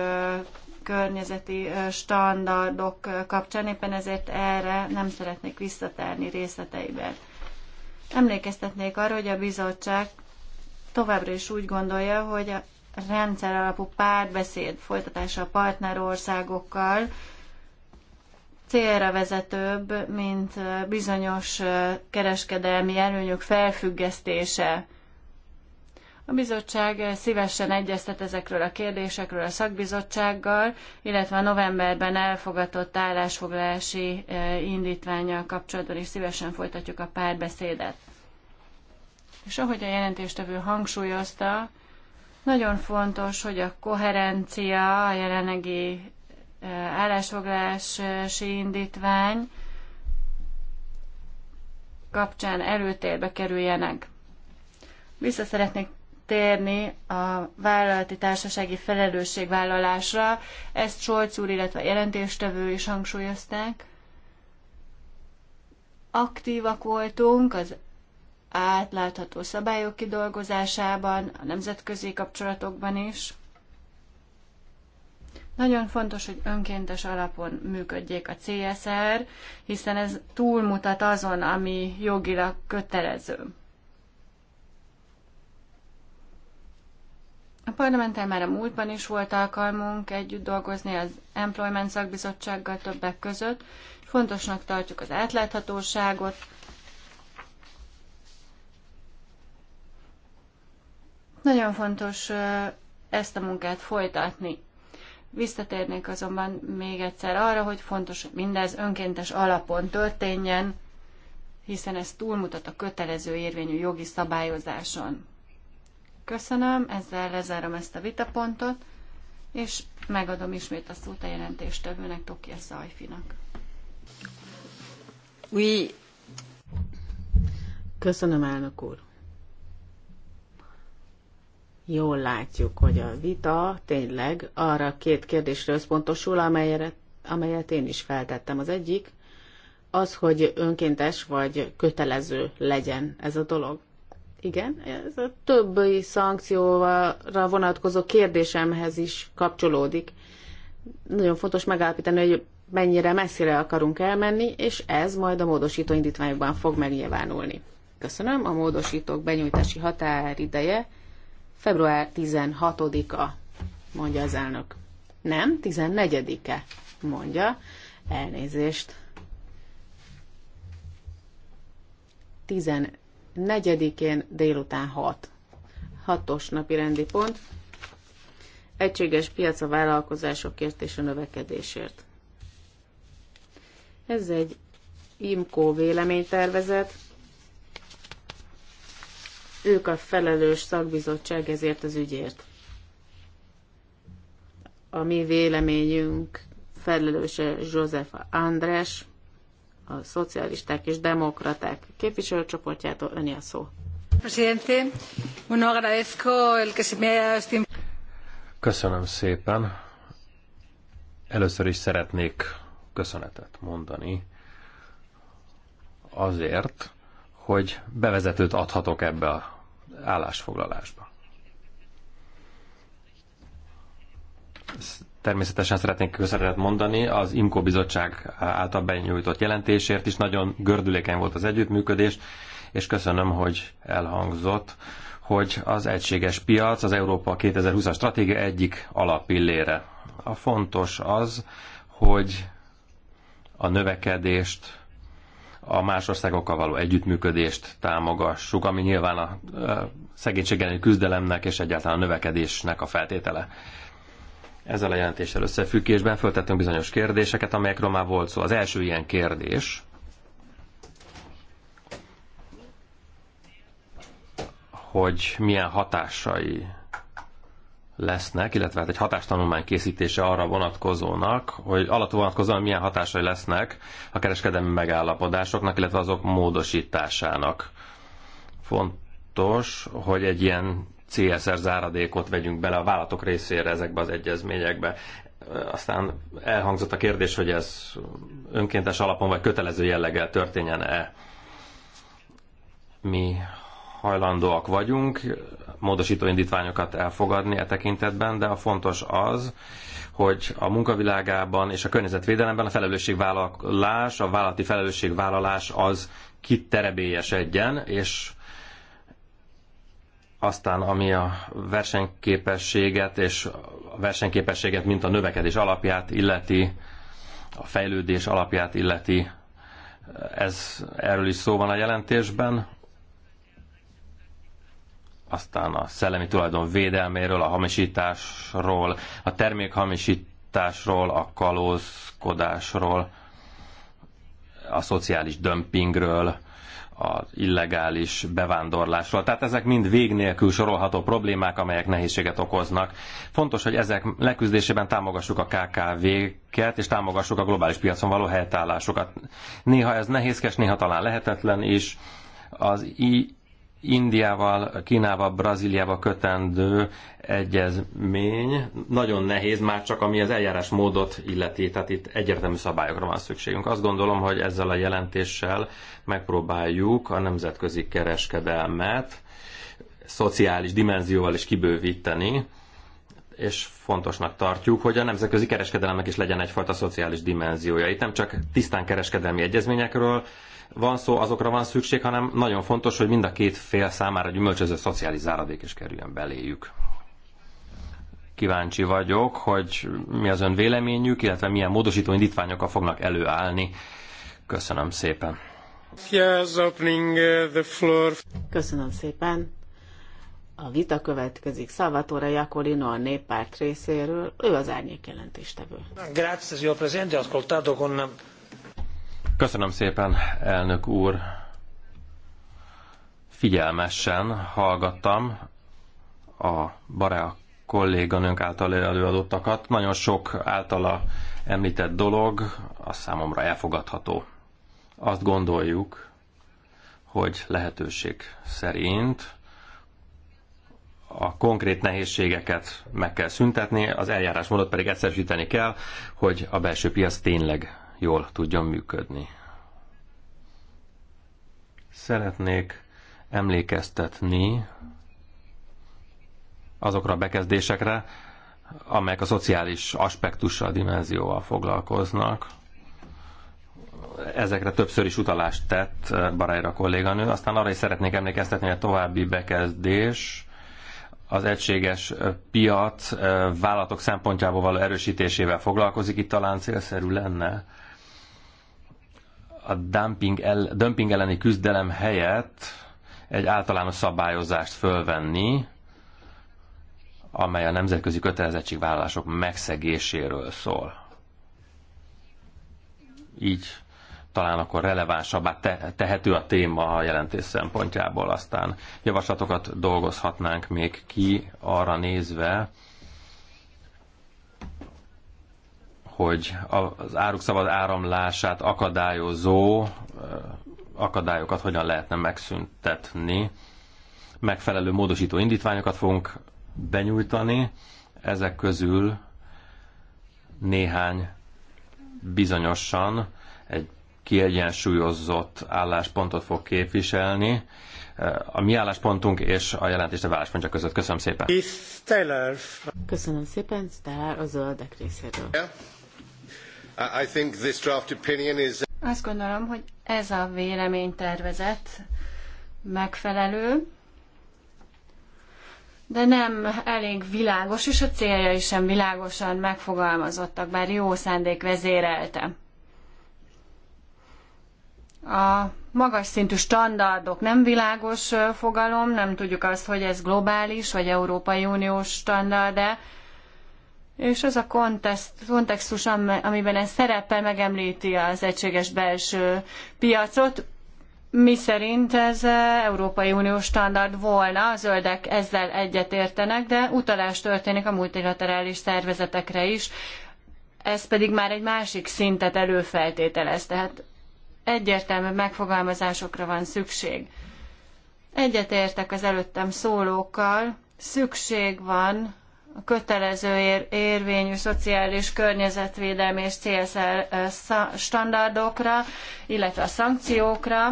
Speaker 1: környezeti standardok kapcsán, éppen ezért erre nem szeretnék visszatérni részleteiben. Emlékeztetnék arra, hogy a bizottság továbbra is úgy gondolja, hogy a rendszer alapú párbeszéd folytatása a partnerországokkal célra vezetőbb, mint bizonyos kereskedelmi előnyök felfüggesztése. A bizottság szívesen egyeztet ezekről a kérdésekről a szakbizottsággal, illetve a novemberben elfogadott állásfoglalási indítványjal kapcsolatban is szívesen folytatjuk a párbeszédet. És ahogy a jelentéstevő hangsúlyozta, nagyon fontos, hogy a koherencia, a jelenlegi e, állásfoglalási indítvány kapcsán előtérbe kerüljenek. Vissza szeretnék térni a vállalati társasági felelősségvállalásra. Ezt Solc úr, illetve a jelentéstevő is hangsúlyozták. Aktívak voltunk az átlátható szabályok kidolgozásában, a nemzetközi kapcsolatokban is. Nagyon fontos, hogy önkéntes alapon működjék a CSR, hiszen ez túlmutat azon, ami jogilag kötelező. A parlamenten már a múltban is volt alkalmunk együtt dolgozni az Employment szakbizottsággal többek között. Fontosnak tartjuk az átláthatóságot, Nagyon fontos ezt a munkát folytatni. Visszatérnék azonban még egyszer arra, hogy fontos, hogy mindez önkéntes alapon történjen, hiszen ez túlmutat a kötelező érvényű jogi szabályozáson. Köszönöm, ezzel lezárom ezt a vitapontot, és megadom ismét a szót a jelentéstevőnek, Tokia Szajfinak. Oui.
Speaker 3: Köszönöm, elnök úr jól látjuk, hogy a vita tényleg arra két kérdésre összpontosul, amelyet, amelyet én is feltettem. Az egyik az, hogy önkéntes vagy kötelező legyen ez a dolog. Igen, ez a többi szankcióra vonatkozó kérdésemhez is kapcsolódik. Nagyon fontos megállapítani, hogy mennyire messzire akarunk elmenni, és ez majd a módosító indítványokban fog megnyilvánulni. Köszönöm, a módosítók benyújtási határideje Február 16-a, mondja az elnök. Nem, 14-e, mondja. Elnézést. 14-én délután 6. 6-os napi rendi pont. Egységes piac a vállalkozásokért és a növekedésért. Ez egy IMCO véleménytervezet ők a felelős szakbizottság ezért az ügyért. A mi véleményünk felelőse József András, a szocialisták és demokraták képviselőcsoportjától öni a szó.
Speaker 2: Köszönöm szépen. Először is szeretnék köszönetet mondani azért, hogy bevezetőt adhatok ebbe a állásfoglalásba. Természetesen szeretnék köszönetet mondani az IMKO bizottság által benyújtott jelentésért is. Nagyon gördülékeny volt az együttműködés, és köszönöm, hogy elhangzott, hogy az egységes piac az Európa 2020-as stratégia egyik alapillére. A fontos az, hogy a növekedést a más országokkal való együttműködést támogassuk, ami nyilván a szegénység elleni küzdelemnek és egyáltalán a növekedésnek a feltétele. Ezzel a jelentéssel összefüggésben föltettünk bizonyos kérdéseket, amelyekről már volt szó. Az első ilyen kérdés, hogy milyen hatásai lesznek, illetve hát egy hatástanulmány készítése arra vonatkozónak, hogy alatt vonatkozóan milyen hatásai lesznek a kereskedelmi megállapodásoknak, illetve azok módosításának. Fontos, hogy egy ilyen CSR záradékot vegyünk bele a vállalatok részére ezekbe az egyezményekbe. Aztán elhangzott a kérdés, hogy ez önkéntes alapon vagy kötelező jelleggel történjen-e. Mi hajlandóak vagyunk módosító indítványokat elfogadni e tekintetben, de a fontos az, hogy a munkavilágában és a környezetvédelemben a felelősségvállalás, a vállalati felelősségvállalás az kiterebélyesedjen, és aztán ami a versenyképességet és a versenyképességet, mint a növekedés alapját illeti, a fejlődés alapját illeti, ez erről is szó van a jelentésben aztán a szellemi tulajdon védelméről, a hamisításról, a termékhamisításról, a kalózkodásról, a szociális dömpingről, az illegális bevándorlásról. Tehát ezek mind vég nélkül sorolható problémák, amelyek nehézséget okoznak. Fontos, hogy ezek leküzdésében támogassuk a KKV-ket, és támogassuk a globális piacon való helytállásokat. Néha ez nehézkes, néha talán lehetetlen is. Az I Indiával, Kínával, Brazíliával kötendő egyezmény nagyon nehéz, már csak ami az eljárás módot illeti, tehát itt egyértelmű szabályokra van szükségünk. Azt gondolom, hogy ezzel a jelentéssel megpróbáljuk a nemzetközi kereskedelmet szociális dimenzióval is kibővíteni, és fontosnak tartjuk, hogy a nemzetközi kereskedelemnek is legyen egyfajta szociális dimenziója. Itt nem csak tisztán kereskedelmi egyezményekről van szó, azokra van szükség, hanem nagyon fontos, hogy mind a két fél számára gyümölcsöző szociális záradék is kerüljön beléjük. Kíváncsi vagyok, hogy mi az ön véleményük, illetve milyen módosító indítványokkal fognak előállni. Köszönöm szépen.
Speaker 3: Köszönöm szépen. A vita következik Salvatore Iacolino a néppárt részéről, ő az árnyék jelentéstevő.
Speaker 2: Grazie, signor Presidente, ascoltato con Köszönöm szépen, elnök úr. Figyelmesen hallgattam a Barea kolléganőnk által előadottakat. Nagyon sok általa említett dolog a számomra elfogadható. Azt gondoljuk, hogy lehetőség szerint a konkrét nehézségeket meg kell szüntetni, az eljárásmódot pedig egyszerűsíteni kell, hogy a belső piac tényleg jól tudjon működni. Szeretnék emlékeztetni azokra a bekezdésekre, amelyek a szociális aspektussal, dimenzióval foglalkoznak. Ezekre többször is utalást tett eh, Barajra kolléganő. Aztán arra is szeretnék emlékeztetni, hogy a további bekezdés az egységes eh, piac eh, vállalatok szempontjából való erősítésével foglalkozik. Itt talán célszerű lenne a dumping, el, dumping elleni küzdelem helyett egy általános szabályozást fölvenni, amely a nemzetközi kötelezettségvállalások megszegéséről szól. Így talán akkor relevánsabbá te, tehető a téma a jelentés szempontjából. Aztán javaslatokat dolgozhatnánk még ki arra nézve, hogy az áruk szabad áramlását akadályozó akadályokat hogyan lehetne megszüntetni. Megfelelő módosító indítványokat fogunk benyújtani, ezek közül néhány bizonyosan egy kiegyensúlyozott álláspontot fog képviselni. A mi álláspontunk és a jelentéstevő válaszpontja között. Köszönöm szépen.
Speaker 3: Köszönöm szépen, Stellar a zöldek részéről.
Speaker 1: I think this draft opinion is... Azt gondolom, hogy ez a véleménytervezet megfelelő, de nem elég világos, és a célja is sem világosan megfogalmazottak, bár jó szándék vezérelte. A magas szintű standardok nem világos fogalom, nem tudjuk azt, hogy ez globális vagy Európai Uniós standard de. És az a kontextus, amiben ez szerepel, megemlíti az egységes belső piacot, mi szerint ez e, Európai Uniós standard volna, a zöldek ezzel egyetértenek, de utalás történik a multilaterális szervezetekre is, ez pedig már egy másik szintet előfeltételez, tehát egyértelmű megfogalmazásokra van szükség. Egyetértek az előttem szólókkal, szükség van a kötelező ér, érvényű szociális környezetvédelmi és CSR standardokra, illetve a szankciókra.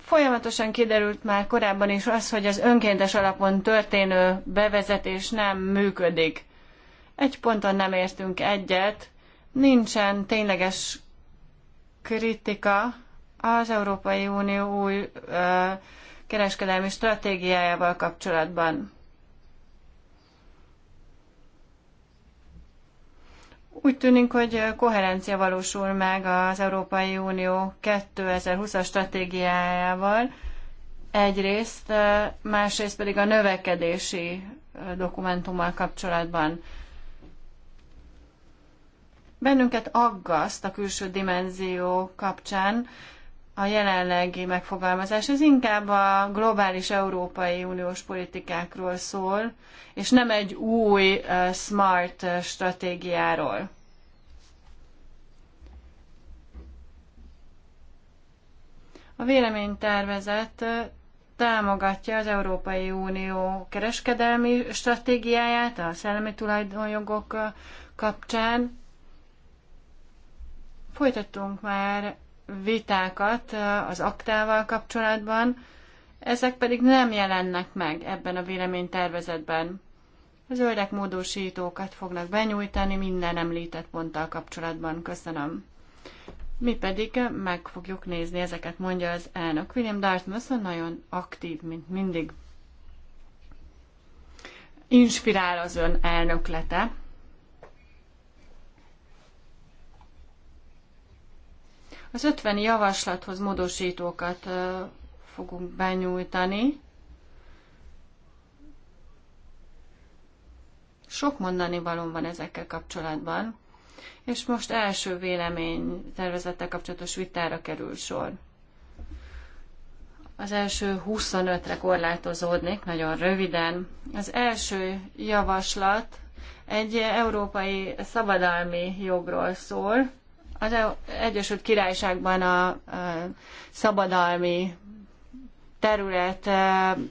Speaker 1: Folyamatosan kiderült már korábban is az, hogy az önkéntes alapon történő bevezetés nem működik. Egy ponton nem értünk egyet, nincsen tényleges kritika az Európai Unió új ö, kereskedelmi stratégiájával kapcsolatban. Úgy tűnik, hogy koherencia valósul meg az Európai Unió 2020-as stratégiájával, egyrészt, másrészt pedig a növekedési dokumentummal kapcsolatban. Bennünket aggaszt a külső dimenzió kapcsán a jelenlegi megfogalmazás. Ez inkább a globális Európai Uniós politikákról szól, és nem egy új uh, smart stratégiáról. A véleménytervezet támogatja az Európai Unió kereskedelmi stratégiáját a szellemi tulajdonjogok kapcsán. Folytattunk már vitákat eh, az aktával kapcsolatban, ezek pedig nem jelennek meg ebben a véleménytervezetben. A zöldek módosítókat fognak benyújtani minden említett ponttal kapcsolatban. Köszönöm. Mi pedig meg fogjuk nézni ezeket, mondja az elnök. William Dartmouth nagyon aktív, mint mindig. Inspirál az ön elnöklete. Az ötveni javaslathoz módosítókat fogunk benyújtani. Sok mondani való van ezekkel kapcsolatban, és most első vélemény tervezettel kapcsolatos vitára kerül sor. Az első 25-re korlátozódnék, nagyon röviden. Az első javaslat egy európai szabadalmi jogról szól, az Egyesült Királyságban a szabadalmi terület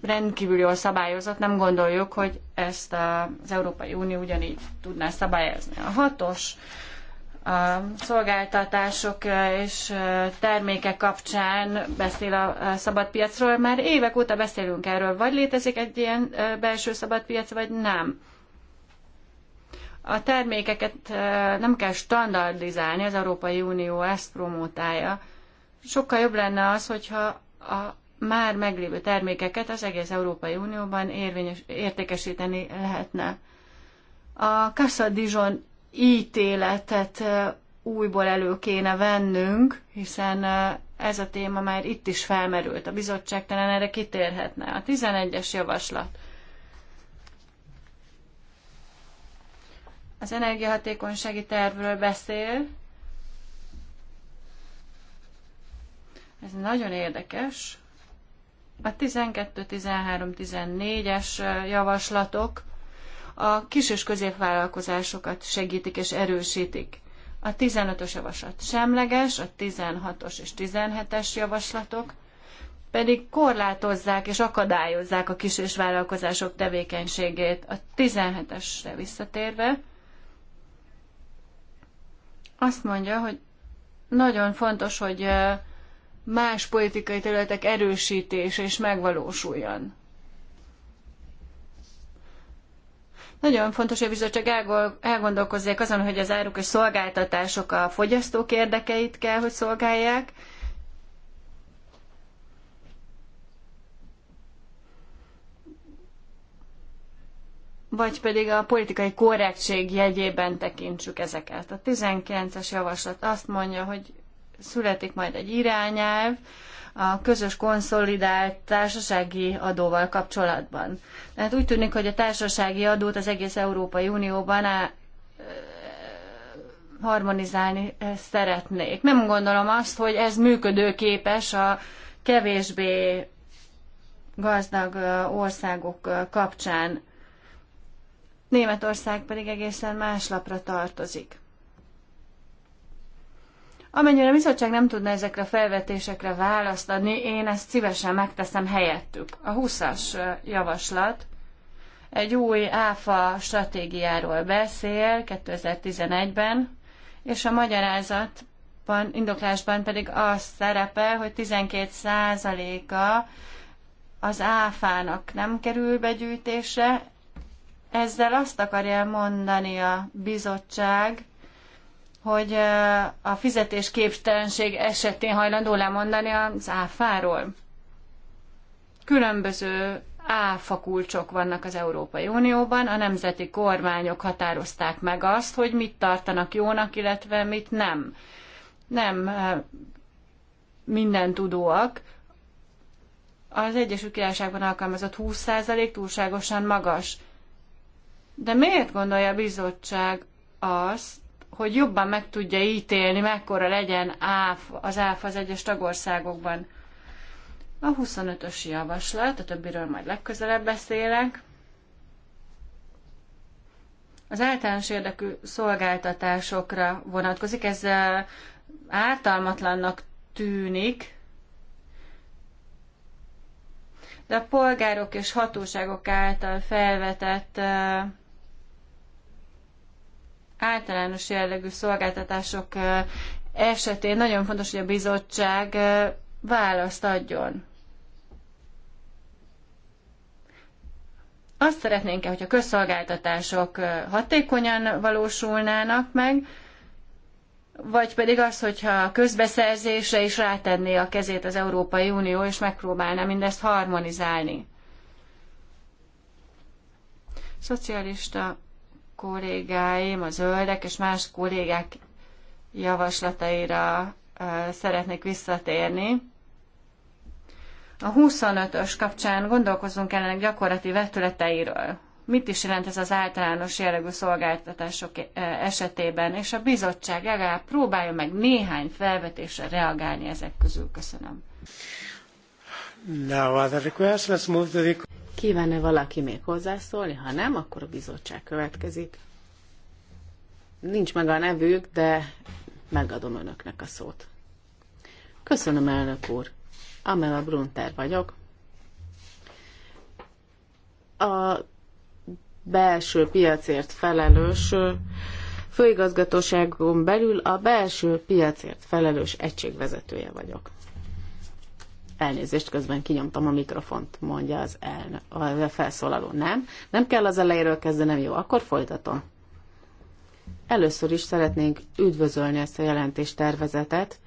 Speaker 1: rendkívül jól szabályozott, nem gondoljuk, hogy ezt az Európai Unió ugyanígy tudná szabályozni. A hatos a szolgáltatások és termékek kapcsán beszél a szabadpiacról. Már évek óta beszélünk erről, vagy létezik egy ilyen belső szabadpiac, vagy nem. A termékeket nem kell standardizálni, az Európai Unió ezt promótálja. Sokkal jobb lenne az, hogyha a már meglévő termékeket az egész Európai Unióban érvényes, értékesíteni lehetne. A Casa Dijon ítéletet újból elő kéne vennünk, hiszen ez a téma már itt is felmerült. A bizottság talán erre kitérhetne. A 11-es javaslat. az energiahatékonysági tervről beszél. Ez nagyon érdekes. A 12, 13, 14-es javaslatok a kis és középvállalkozásokat segítik és erősítik. A 15-ös javaslat semleges, a 16-os és 17-es javaslatok pedig korlátozzák és akadályozzák a kis és vállalkozások tevékenységét. A 17-esre visszatérve, azt mondja, hogy nagyon fontos, hogy más politikai területek erősítése és megvalósuljon. Nagyon fontos, hogy a bizottság elgondolkozzék azon, hogy az áruk és szolgáltatások a fogyasztók érdekeit kell, hogy szolgálják, vagy pedig a politikai korrektség jegyében tekintsük ezeket. A 19-es javaslat azt mondja, hogy születik majd egy irányelv a közös konszolidált társasági adóval kapcsolatban. Tehát úgy tűnik, hogy a társasági adót az egész Európai Unióban á, harmonizálni szeretnék. Nem gondolom azt, hogy ez működőképes a kevésbé gazdag országok kapcsán. Németország pedig egészen más lapra tartozik. Amennyire a bizottság nem tudna ezekre a felvetésekre választ adni, én ezt szívesen megteszem helyettük. A 20-as javaslat egy új áfa stratégiáról beszél 2011-ben, és a magyarázatban, indoklásban pedig az szerepel, hogy 12%-a az áfának nem kerül begyűjtésre, ezzel azt akarja mondani a bizottság, hogy a fizetés képtelenség esetén hajlandó lemondani az áfáról. Különböző áfa kulcsok vannak az Európai Unióban, a nemzeti kormányok határozták meg azt, hogy mit tartanak jónak, illetve mit nem. Nem minden tudóak. Az Egyesült Királyságban alkalmazott 20% túlságosan magas. De miért gondolja a bizottság azt, hogy jobban meg tudja ítélni, mekkora legyen áf, az áf az egyes tagországokban? A 25-ös javaslat, a többiről majd legközelebb beszélek. Az általános érdekű szolgáltatásokra vonatkozik, ez ártalmatlannak tűnik, de a polgárok és hatóságok által felvetett eh, általános jellegű szolgáltatások esetén nagyon fontos, hogy a bizottság választ adjon. Azt szeretnénk -e, hogy a közszolgáltatások hatékonyan valósulnának meg, vagy pedig az, hogyha a közbeszerzésre is rátenné a kezét az Európai Unió, és megpróbálná mindezt harmonizálni. Szocialista kollégáim, a zöldek és más kollégák javaslataira szeretnék visszatérni. A 25-ös kapcsán gondolkozunk ennek gyakorlati vetületeiről. Mit is jelent ez az általános jellegű szolgáltatások esetében, és a bizottság legalább próbálja meg néhány felvetésre reagálni ezek közül. Köszönöm. Now other Let's move to the... Kívánne valaki
Speaker 3: még hozzászólni? Ha nem, akkor a bizottság következik. Nincs meg a nevük, de megadom önöknek a szót. Köszönöm, elnök úr. Amela Brunter vagyok. A belső piacért felelős főigazgatóságon belül a belső piacért felelős egységvezetője vagyok. Elnézést, közben kinyomtam a mikrofont, mondja az elnök, a felszólaló. Nem, nem kell az elejéről kezdenem, jó, akkor folytatom. Először is szeretnénk üdvözölni ezt a jelentéstervezetet,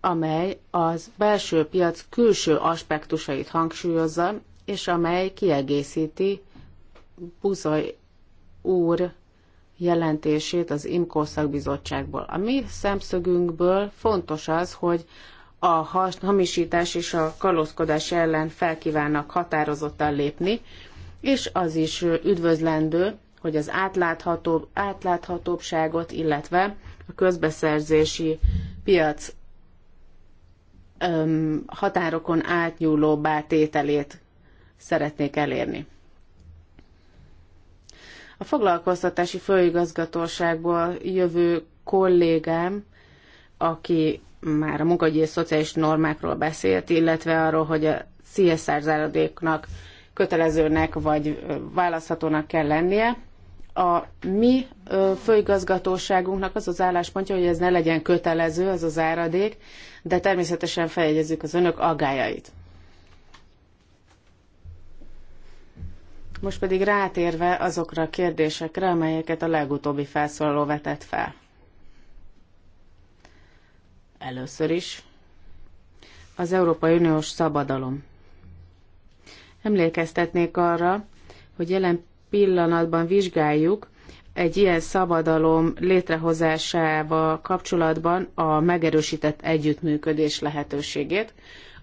Speaker 3: amely az belső piac külső aspektusait hangsúlyozza, és amely kiegészíti Buzaj úr jelentését az IMCO szakbizottságból. A mi szemszögünkből fontos az, hogy a hamisítás és a kalózkodás ellen felkívánnak határozottan lépni, és az is üdvözlendő, hogy az átláthatóbb, átláthatóbbságot, illetve a közbeszerzési piac öm, határokon átnyúló bátételét szeretnék elérni. A foglalkoztatási főigazgatóságból jövő kollégám, aki már a munkahogyi és szociális normákról beszélt, illetve arról, hogy a CSR záradéknak kötelezőnek vagy választhatónak kell lennie. A mi főigazgatóságunknak az az álláspontja, hogy ez ne legyen kötelező, az az áradék, de természetesen feljegyezzük az önök agájait. Most pedig rátérve azokra a kérdésekre, amelyeket a legutóbbi felszólaló vetett fel. Először is az Európai Uniós szabadalom. Emlékeztetnék arra, hogy jelen pillanatban vizsgáljuk egy ilyen szabadalom létrehozásával kapcsolatban a megerősített együttműködés lehetőségét,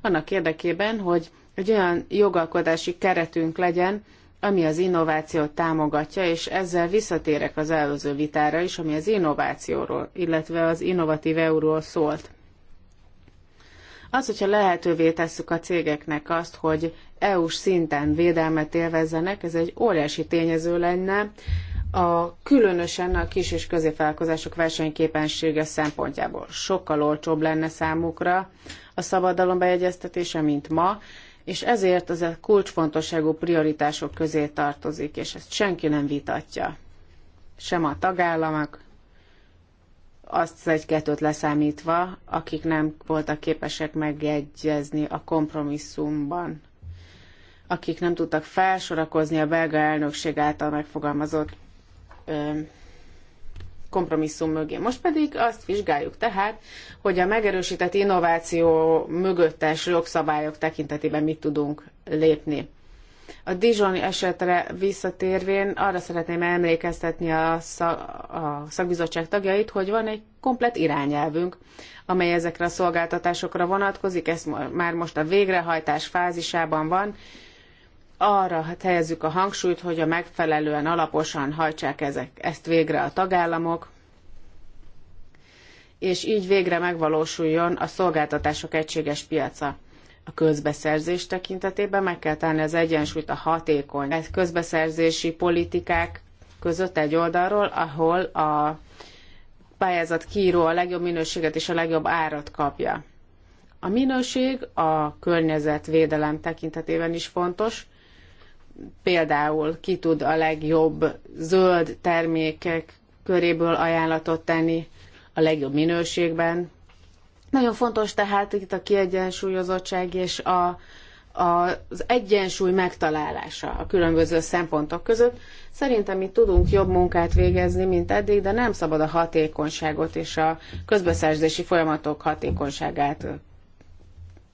Speaker 3: annak érdekében, hogy egy olyan jogalkotási keretünk legyen, ami az innovációt támogatja, és ezzel visszatérek az előző vitára is, ami az innovációról, illetve az innovatív euróról szólt. Az, hogyha lehetővé tesszük a cégeknek azt, hogy EU-s szinten védelmet élvezzenek, ez egy óriási tényező lenne, a, különösen a kis és középvállalkozások versenyképessége szempontjából sokkal olcsóbb lenne számukra a szabadalom bejegyeztetése, mint ma, és ezért ez a kulcsfontosságú prioritások közé tartozik, és ezt senki nem vitatja. Sem a tagállamok, azt egy kettőt leszámítva, akik nem voltak képesek megegyezni a kompromisszumban, akik nem tudtak felsorakozni a belga elnökség által megfogalmazott ö, kompromisszum mögé. Most pedig azt vizsgáljuk tehát, hogy a megerősített innováció mögöttes jogszabályok tekintetében mit tudunk lépni. A Dijoni esetre visszatérvén arra szeretném emlékeztetni a, szak, a szakbizottság tagjait, hogy van egy komplet irányelvünk, amely ezekre a szolgáltatásokra vonatkozik, ez már most a végrehajtás fázisában van, arra helyezzük a hangsúlyt, hogy a megfelelően alaposan hajtsák ezek, ezt végre a tagállamok, és így végre megvalósuljon a szolgáltatások egységes piaca. A közbeszerzés tekintetében meg kell tenni az egyensúlyt a hatékony a közbeszerzési politikák között egy oldalról, ahol a pályázat kíró a legjobb minőséget és a legjobb árat kapja. A minőség a környezetvédelem tekintetében is fontos, például ki tud a legjobb zöld termékek köréből ajánlatot tenni a legjobb minőségben. Nagyon fontos tehát itt a kiegyensúlyozottság és a, az egyensúly megtalálása a különböző szempontok között. Szerintem mi tudunk jobb munkát végezni, mint eddig, de nem szabad a hatékonyságot és a közbeszerzési folyamatok hatékonyságát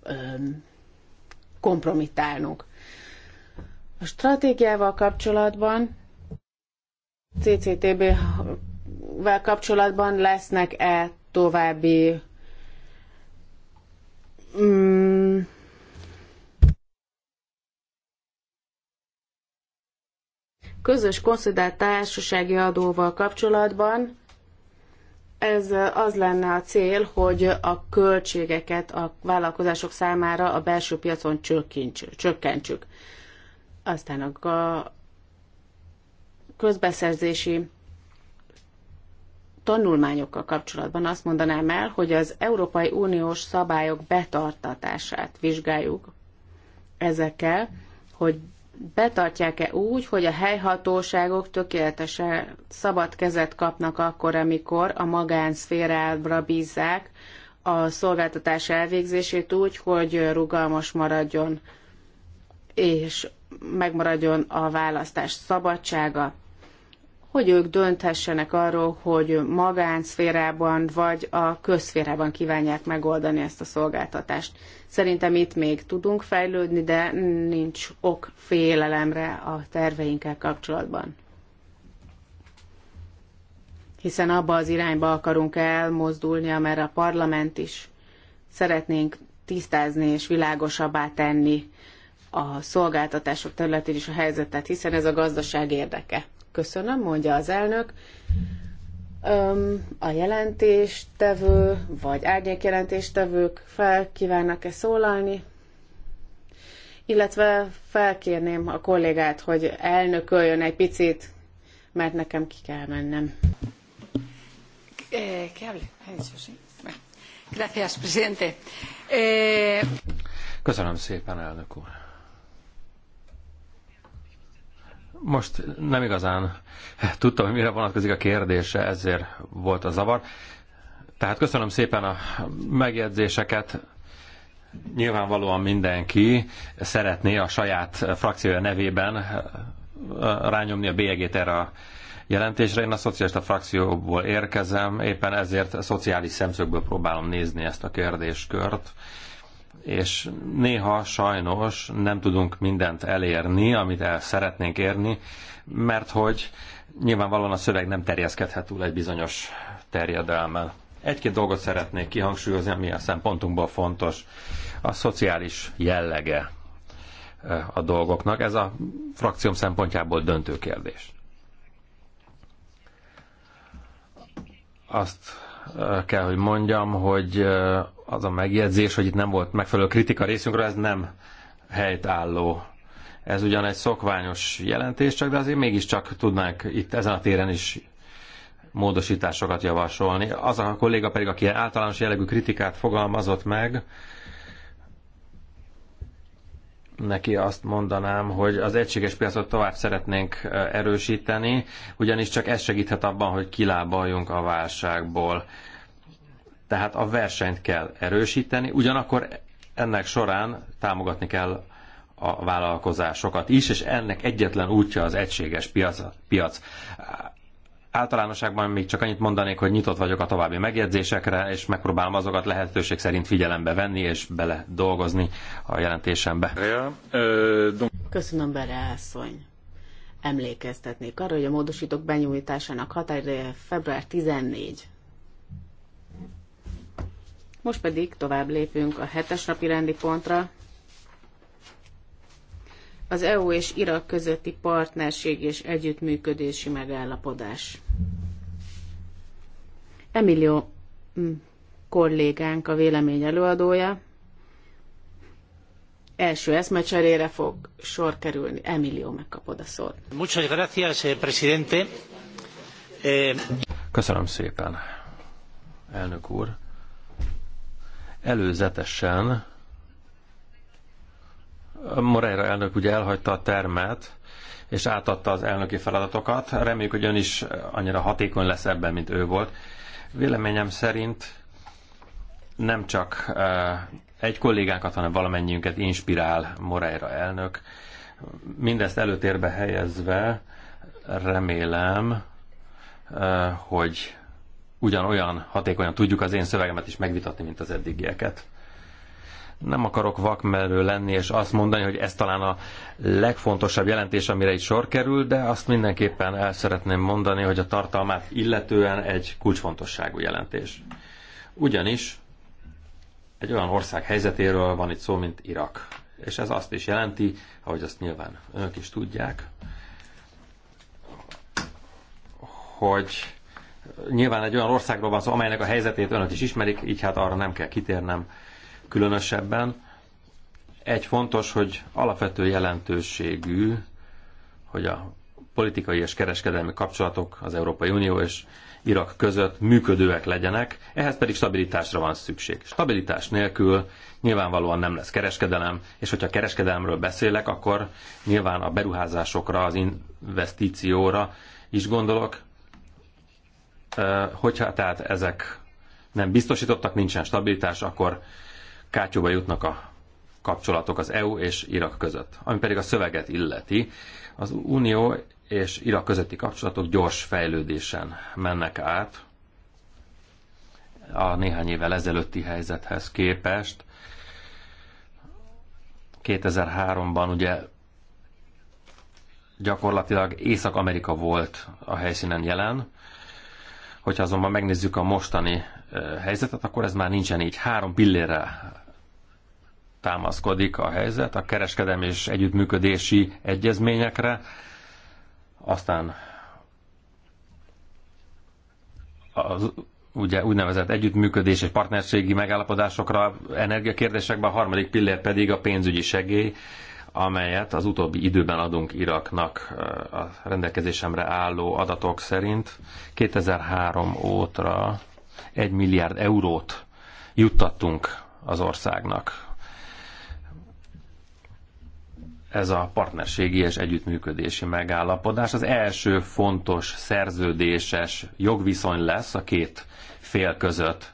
Speaker 3: öm, kompromittálnunk. A stratégiával kapcsolatban, CCTB-vel kapcsolatban lesznek-e további mm, közös konszolidált társasági adóval kapcsolatban ez az lenne a cél, hogy a költségeket a vállalkozások számára a belső piacon csökkentsük. Aztán a közbeszerzési tanulmányokkal kapcsolatban azt mondanám el, hogy az Európai Uniós szabályok betartatását vizsgáljuk ezekkel, hogy betartják-e úgy, hogy a helyhatóságok tökéletesen szabad kezet kapnak akkor, amikor a magánszférára bízzák a szolgáltatás elvégzését úgy, hogy rugalmas maradjon. És megmaradjon a választás szabadsága, hogy ők dönthessenek arról, hogy magánszférában vagy a közszférában kívánják megoldani ezt a szolgáltatást. Szerintem itt még tudunk fejlődni, de nincs ok félelemre a terveinkkel kapcsolatban. Hiszen abba az irányba akarunk elmozdulni, amerre a parlament is szeretnénk tisztázni és világosabbá tenni a szolgáltatások területén is a helyzetet, hiszen ez a gazdaság érdeke. Köszönöm, mondja az elnök. Öm, a jelentéstevő vagy jelentéstevők fel kívánnak-e szólalni? Illetve felkérném a kollégát, hogy elnököljön egy picit, mert nekem ki kell mennem.
Speaker 1: Eh, eh, eh,
Speaker 2: Köszönöm szépen, elnök úr. Most nem igazán tudtam, hogy mire vonatkozik a kérdése, ezért volt a zavar. Tehát köszönöm szépen a megjegyzéseket. Nyilvánvalóan mindenki szeretné a saját frakciója nevében rányomni a bélyegét erre a jelentésre. Én a szocialista frakcióból érkezem, éppen ezért a szociális szemszögből próbálom nézni ezt a kérdéskört és néha sajnos nem tudunk mindent elérni, amit el szeretnénk érni, mert hogy nyilvánvalóan a szöveg nem terjeszkedhet túl egy bizonyos terjedelmel. Egy-két dolgot szeretnék kihangsúlyozni, ami a szempontunkból fontos. A szociális jellege a dolgoknak. Ez a frakcióm szempontjából döntő kérdés. Azt kell, hogy mondjam, hogy az a megjegyzés, hogy itt nem volt megfelelő kritika részünkre, ez nem helytálló. Ez ugyan egy szokványos jelentés, csak de azért mégiscsak tudnánk itt ezen a téren is módosításokat javasolni. Az a kolléga pedig, aki általános jellegű kritikát fogalmazott meg, neki azt mondanám, hogy az egységes piacot tovább szeretnénk erősíteni, ugyanis csak ez segíthet abban, hogy kilábaljunk a válságból. Tehát a versenyt kell erősíteni, ugyanakkor ennek során támogatni kell a vállalkozásokat is, és ennek egyetlen útja az egységes piac. piac. Általánosságban még csak annyit mondanék, hogy nyitott vagyok a további megjegyzésekre, és megpróbálom azokat lehetőség szerint figyelembe venni és bele dolgozni a jelentésembe.
Speaker 3: Köszönöm, Bere asszony. Emlékeztetnék arra, hogy a módosítók benyújtásának határideje február 14. Most pedig tovább lépünk a hetes napi rendi pontra, az EU és Irak közötti partnerség és együttműködési megállapodás. Emilio mm, kollégánk a vélemény előadója. Első eszmecserére fog sor kerülni. Emilio megkapod
Speaker 1: a szót.
Speaker 2: Muchas gracias, eh, presidente. Eh, Köszönöm szépen, elnök úr. Előzetesen Moreira elnök ugye elhagyta a termet, és átadta az elnöki feladatokat. Reméljük, hogy ön is annyira hatékony lesz ebben, mint ő volt. Véleményem szerint nem csak eh, egy kollégánkat, hanem valamennyiünket inspirál Moreira elnök. Mindezt előtérbe helyezve remélem, eh, hogy ugyanolyan hatékonyan tudjuk az én szövegemet is megvitatni, mint az eddigieket. Nem akarok vakmerő lenni és azt mondani, hogy ez talán a legfontosabb jelentés, amire itt sor kerül, de azt mindenképpen el szeretném mondani, hogy a tartalmát illetően egy kulcsfontosságú jelentés. Ugyanis egy olyan ország helyzetéről van itt szó, mint Irak. És ez azt is jelenti, ahogy azt nyilván önök is tudják, hogy nyilván egy olyan országról van szó, amelynek a helyzetét önök is ismerik, így hát arra nem kell kitérnem különösebben. Egy fontos, hogy alapvető jelentőségű, hogy a politikai és kereskedelmi kapcsolatok az Európai Unió és Irak között működőek legyenek, ehhez pedig stabilitásra van szükség. Stabilitás nélkül nyilvánvalóan nem lesz kereskedelem, és hogyha kereskedelemről beszélek, akkor nyilván a beruházásokra, az investícióra is gondolok. Hogyha tehát ezek nem biztosítottak, nincsen stabilitás, akkor kátyúba jutnak a kapcsolatok az EU és Irak között. Ami pedig a szöveget illeti, az Unió és Irak közötti kapcsolatok gyors fejlődésen mennek át a néhány évvel ezelőtti helyzethez képest. 2003-ban ugye gyakorlatilag Észak-Amerika volt a helyszínen jelen, hogyha azonban megnézzük a mostani helyzetet, akkor ez már nincsen így. Három pillérre támaszkodik a helyzet, a kereskedem és együttműködési egyezményekre, aztán az ugye úgynevezett együttműködés és partnerségi megállapodásokra, energiakérdésekben, a harmadik pillér pedig a pénzügyi segély, amelyet az utóbbi időben adunk Iraknak a rendelkezésemre álló adatok szerint 2003 óta 1 milliárd eurót juttattunk az országnak ez a partnerségi és együttműködési megállapodás. Az első fontos szerződéses jogviszony lesz a két fél között.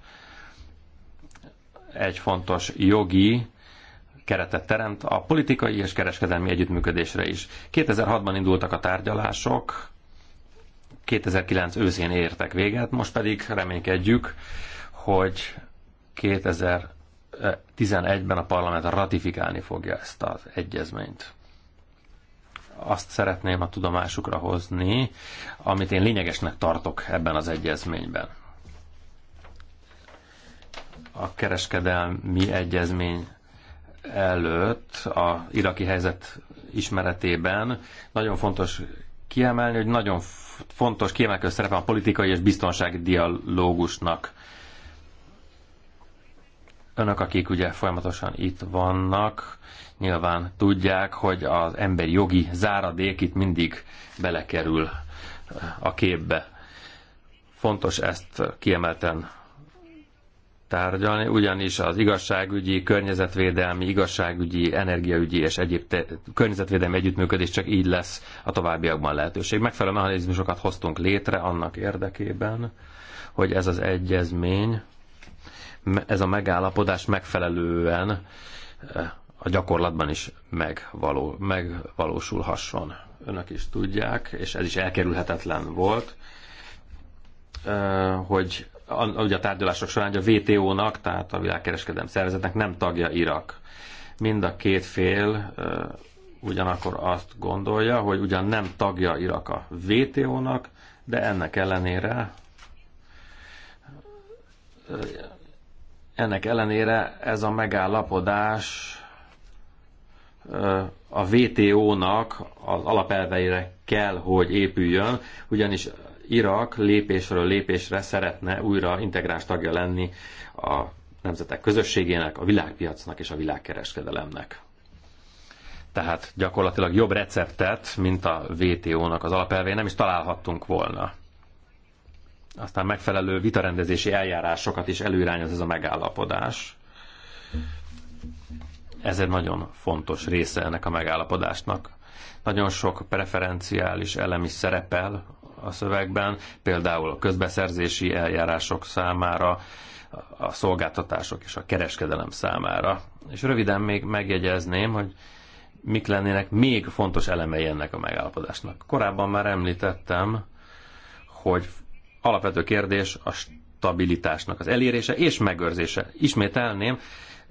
Speaker 2: Egy fontos jogi keretet teremt a politikai és kereskedelmi együttműködésre is. 2006-ban indultak a tárgyalások, 2009 őszén értek véget, most pedig reménykedjük, hogy 2000 2011-ben a parlament ratifikálni fogja ezt az egyezményt. Azt szeretném a tudomásukra hozni, amit én lényegesnek tartok ebben az egyezményben. A kereskedelmi egyezmény előtt a iraki helyzet ismeretében nagyon fontos kiemelni, hogy nagyon fontos kiemelkedő szerepe a politikai és biztonsági dialógusnak Önök, akik ugye folyamatosan itt vannak, nyilván tudják, hogy az emberi jogi záradék itt mindig belekerül eh, a képbe. Fontos ezt kiemelten tárgyalni, ugyanis az igazságügyi, környezetvédelmi, igazságügyi, energiaügyi és egyéb te- környezetvédelmi együttműködés csak így lesz a továbbiakban lehetőség. Megfelelő mechanizmusokat hoztunk létre annak érdekében, hogy ez az egyezmény ez a megállapodás megfelelően eh, a gyakorlatban is megvaló, megvalósulhasson. Önök is tudják, és ez is elkerülhetetlen volt, eh, hogy a, ugye a tárgyalások során a WTO-nak, tehát a világkereskedelem szervezetnek nem tagja Irak. Mind a két fél eh, ugyanakkor azt gondolja, hogy ugyan nem tagja Irak a WTO-nak, de ennek ellenére ennek ellenére ez a megállapodás a VTO-nak az alapelveire kell, hogy épüljön, ugyanis Irak lépésről lépésre szeretne újra integráns tagja lenni a nemzetek közösségének, a világpiacnak és a világkereskedelemnek. Tehát gyakorlatilag jobb receptet, mint a VTO-nak az alapelvei nem is találhattunk volna. Aztán megfelelő vitarendezési eljárásokat is előirányoz ez a megállapodás. Ez egy nagyon fontos része ennek a megállapodásnak. Nagyon sok preferenciális elem is szerepel a szövegben, például a közbeszerzési eljárások számára, a szolgáltatások és a kereskedelem számára. És röviden még megjegyezném, hogy mik lennének még fontos elemei ennek a megállapodásnak. Korábban már említettem, hogy alapvető kérdés a stabilitásnak az elérése és megőrzése. Ismételném,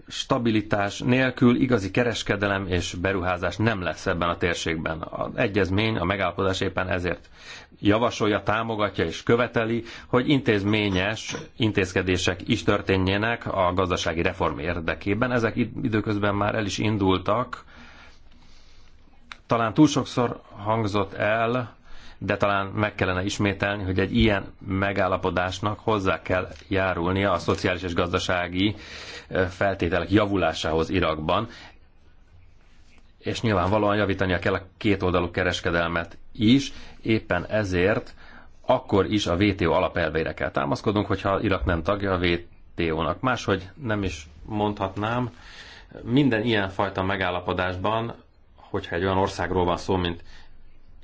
Speaker 2: stabilitás nélkül igazi kereskedelem és beruházás nem lesz ebben a térségben. Az egyezmény, a megállapodás éppen ezért javasolja, támogatja és követeli, hogy intézményes intézkedések is történjenek a gazdasági reform érdekében. Ezek időközben már el is indultak. Talán túl sokszor hangzott el, de talán meg kellene ismételni, hogy egy ilyen megállapodásnak hozzá kell járulnia a szociális és gazdasági feltételek javulásához Irakban, és nyilvánvalóan javítania kell a kétoldalú kereskedelmet is, éppen ezért akkor is a WTO alapelveire kell támaszkodnunk, hogyha Irak nem tagja a WTO-nak. Máshogy nem is mondhatnám, minden ilyen fajta megállapodásban, hogyha egy olyan országról van szó, mint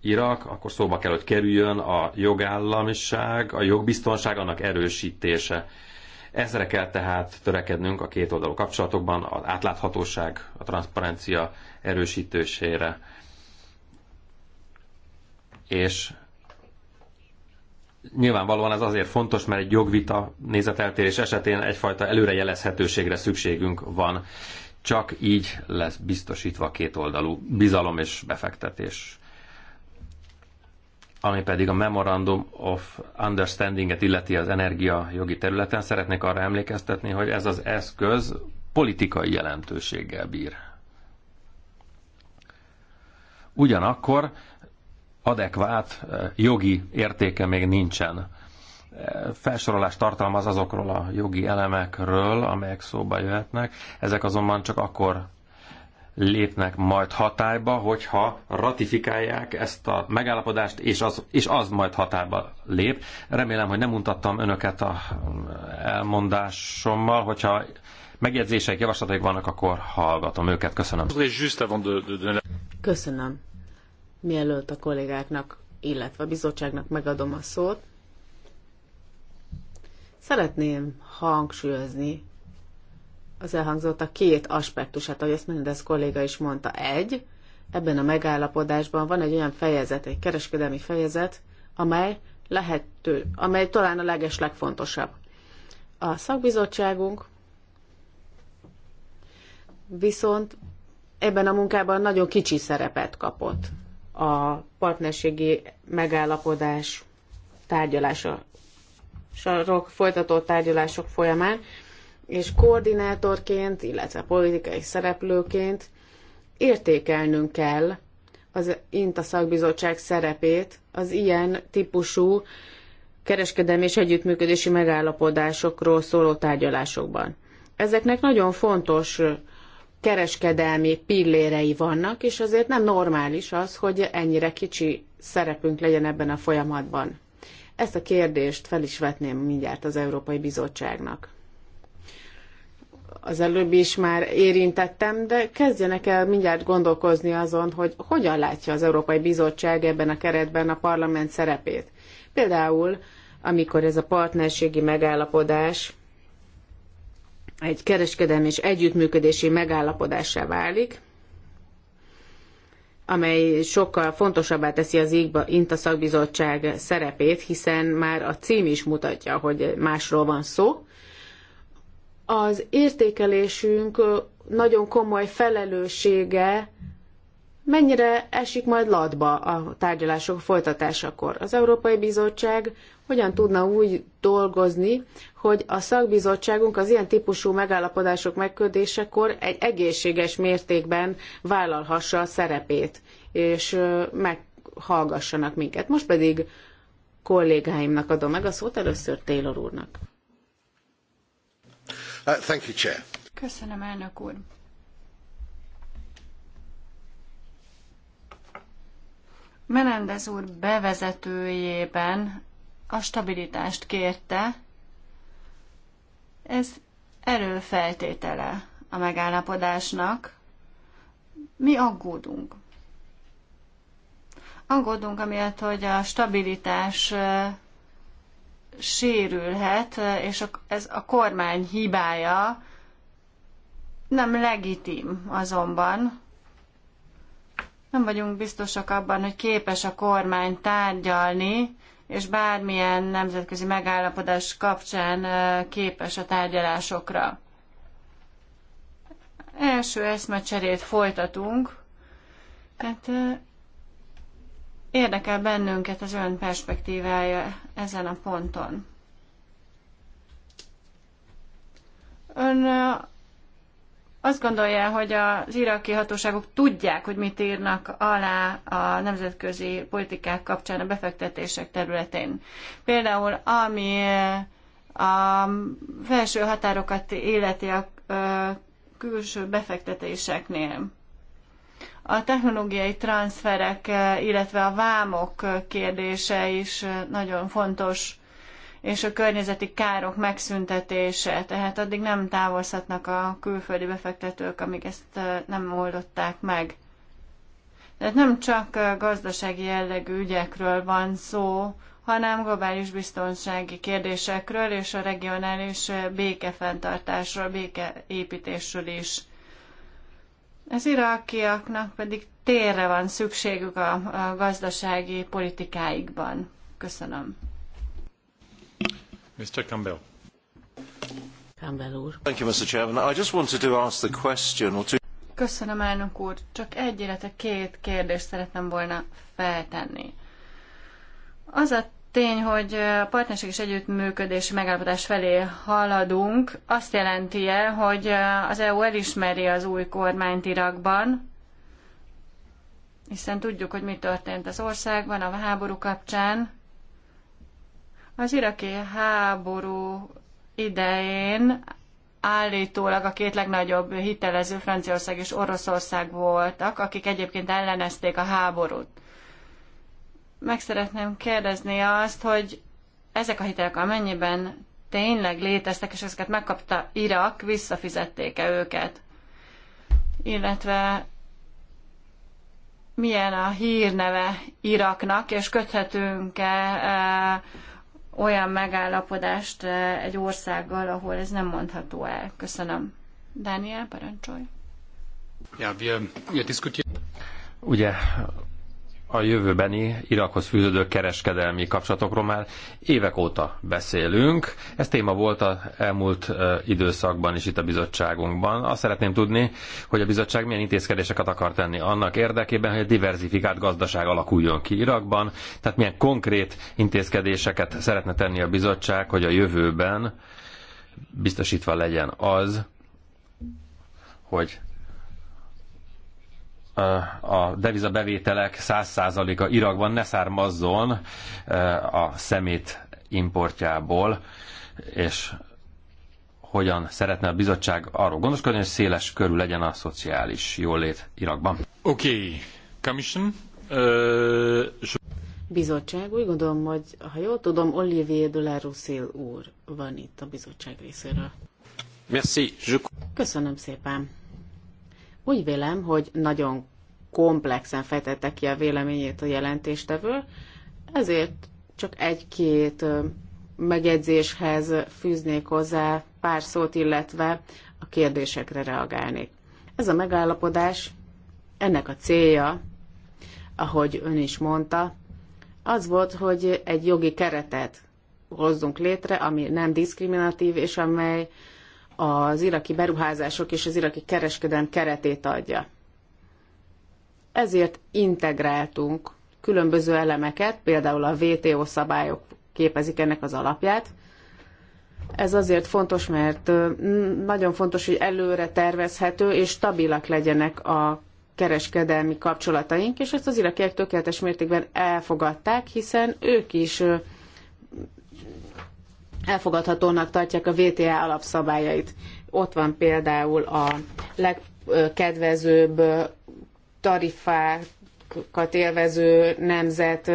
Speaker 2: Irak, akkor szóba kell, hogy kerüljön a jogállamiság, a jogbiztonság, annak erősítése. Ezre kell tehát törekednünk a két oldalú kapcsolatokban, az átláthatóság, a transzparencia erősítésére. És nyilvánvalóan ez azért fontos, mert egy jogvita nézeteltérés esetén egyfajta előrejelezhetőségre szükségünk van. Csak így lesz biztosítva a kétoldalú bizalom és befektetés ami pedig a Memorandum of Understanding-et illeti az energia jogi területen, szeretnék arra emlékeztetni, hogy ez az eszköz politikai jelentőséggel bír. Ugyanakkor adekvát eh, jogi értéke még nincsen. Eh, Felsorolás tartalmaz azokról a jogi elemekről, amelyek szóba jöhetnek, ezek azonban csak akkor lépnek majd hatályba, hogyha ratifikálják ezt a megállapodást, és az, és az majd hatályba lép. Remélem, hogy nem mutattam önöket a um, elmondásommal, hogyha megjegyzések, javaslataik vannak, akkor hallgatom őket. Köszönöm.
Speaker 3: Köszönöm. Mielőtt a kollégáknak, illetve a bizottságnak megadom a szót, szeretném hangsúlyozni, az elhangzottak két aspektusát, ahogy ezt mindez kolléga is mondta. Egy, ebben a megállapodásban van egy olyan fejezet, egy kereskedelmi fejezet, amely lehető, amely talán a leges legfontosabb. A szakbizottságunk viszont ebben a munkában nagyon kicsi szerepet kapott a partnerségi megállapodás tárgyalása sorok folytatott tárgyalások folyamán, és koordinátorként, illetve politikai szereplőként értékelnünk kell az INTA szakbizottság szerepét az ilyen típusú kereskedelmi és együttműködési megállapodásokról szóló tárgyalásokban. Ezeknek nagyon fontos kereskedelmi pillérei vannak, és azért nem normális az, hogy ennyire kicsi szerepünk legyen ebben a folyamatban. Ezt a kérdést fel is vetném mindjárt az Európai Bizottságnak az előbb is már érintettem, de kezdjenek el mindjárt gondolkozni azon, hogy hogyan látja az Európai Bizottság ebben a keretben a parlament szerepét. Például, amikor ez a partnerségi megállapodás egy kereskedelmi és együttműködési megállapodásra válik, amely sokkal fontosabbá teszi az INTA szakbizottság szerepét, hiszen már a cím is mutatja, hogy másról van szó, az értékelésünk nagyon komoly felelőssége mennyire esik majd latba a tárgyalások folytatásakor. Az Európai Bizottság hogyan tudna úgy dolgozni, hogy a szakbizottságunk az ilyen típusú megállapodások megködésekor egy egészséges mértékben vállalhassa a szerepét, és meghallgassanak minket. Most pedig kollégáimnak adom meg a szót először Taylor úrnak.
Speaker 2: Uh,
Speaker 1: Köszönöm, elnök úr. Menendez úr bevezetőjében a stabilitást kérte. Ez előfeltétele a megállapodásnak. Mi aggódunk. Aggódunk amiatt, hogy a stabilitás uh, sérülhet, és ez a kormány hibája nem legitim azonban. Nem vagyunk biztosak abban, hogy képes a kormány tárgyalni, és bármilyen nemzetközi megállapodás kapcsán képes a tárgyalásokra. Első eszmecserét folytatunk, tehát Érdekel bennünket az ön perspektívája ezen a ponton. Ön azt gondolja, hogy az iraki hatóságok tudják, hogy mit írnak alá a nemzetközi politikák kapcsán a befektetések területén. Például ami a felső határokat illeti a külső befektetéseknél. A technológiai transferek, eh, illetve a vámok kérdése is eh, nagyon fontos, és a környezeti károk megszüntetése. Tehát addig nem távozhatnak a külföldi befektetők, amíg ezt eh, nem oldották meg. Tehát nem csak gazdasági jellegű ügyekről van szó, hanem globális biztonsági kérdésekről és a regionális békefenntartásról, békeépítésről is. Az irakiaknak pedig térre van szükségük a, a gazdasági politikáikban. Köszönöm.
Speaker 2: Mr.
Speaker 3: Campbell. Campbell úr. Thank you, Mr. Chairman. I just wanted to ask the question or
Speaker 2: two...
Speaker 1: Köszönöm, elnök úr. Csak egy, illetve két kérdést szeretném volna feltenni. Az a tény, hogy a partnerség és együttműködési megállapodás felé haladunk, azt jelenti-e, hogy az EU elismeri az új kormányt Irakban, hiszen tudjuk, hogy mi történt az országban a háború kapcsán. Az iraki háború idején állítólag a két legnagyobb hitelező Franciaország és Oroszország voltak, akik egyébként ellenezték a háborút. Meg szeretném kérdezni azt, hogy ezek a hitelek amennyiben tényleg léteztek, és ezeket megkapta Irak, visszafizették-e őket? Illetve milyen a hírneve Iraknak, és köthetünk-e e, olyan megállapodást e, egy országgal, ahol ez nem mondható el. Köszönöm. Daniel, parancsolj.
Speaker 2: Ja, wir, wir diskutieren. Ugye a jövőbeni Irakhoz fűződő kereskedelmi kapcsolatokról már évek óta beszélünk. Ez téma volt a elmúlt időszakban is itt a bizottságunkban. Azt szeretném tudni, hogy a bizottság milyen intézkedéseket akar tenni annak érdekében, hogy a diversifikált gazdaság alakuljon ki Irakban, tehát milyen konkrét intézkedéseket szeretne tenni a bizottság, hogy a jövőben biztosítva legyen az, hogy a deviza bevételek 100%-a Irakban ne származzon a szemét importjából, és hogyan szeretne a bizottság arról gondoskodni, hogy széles körül legyen a szociális jólét Irakban. Oké, okay. Commission. Uh, so...
Speaker 3: Bizottság, úgy gondolom, hogy ha jól tudom, Olivier de la Rousseau úr van itt a bizottság részéről.
Speaker 2: Merci. Je...
Speaker 3: Köszönöm szépen. Úgy vélem, hogy nagyon komplexen fejtette ki a véleményét a jelentéstevő, ezért csak egy-két megjegyzéshez fűznék hozzá pár szót, illetve a kérdésekre reagálnék. Ez a megállapodás, ennek a célja, ahogy ön is mondta, az volt, hogy egy jogi keretet hozzunk létre, ami nem diszkriminatív, és amely az iraki beruházások és az iraki kereskedelem keretét adja. Ezért integráltunk különböző elemeket, például a WTO szabályok képezik ennek az alapját. Ez azért fontos, mert nagyon fontos, hogy előre tervezhető és stabilak legyenek a kereskedelmi kapcsolataink, és ezt az irakiek tökéletes mértékben elfogadták, hiszen ők is elfogadhatónak tartják a VTA alapszabályait. Ott van például a legkedvezőbb tarifákat élvező nemzet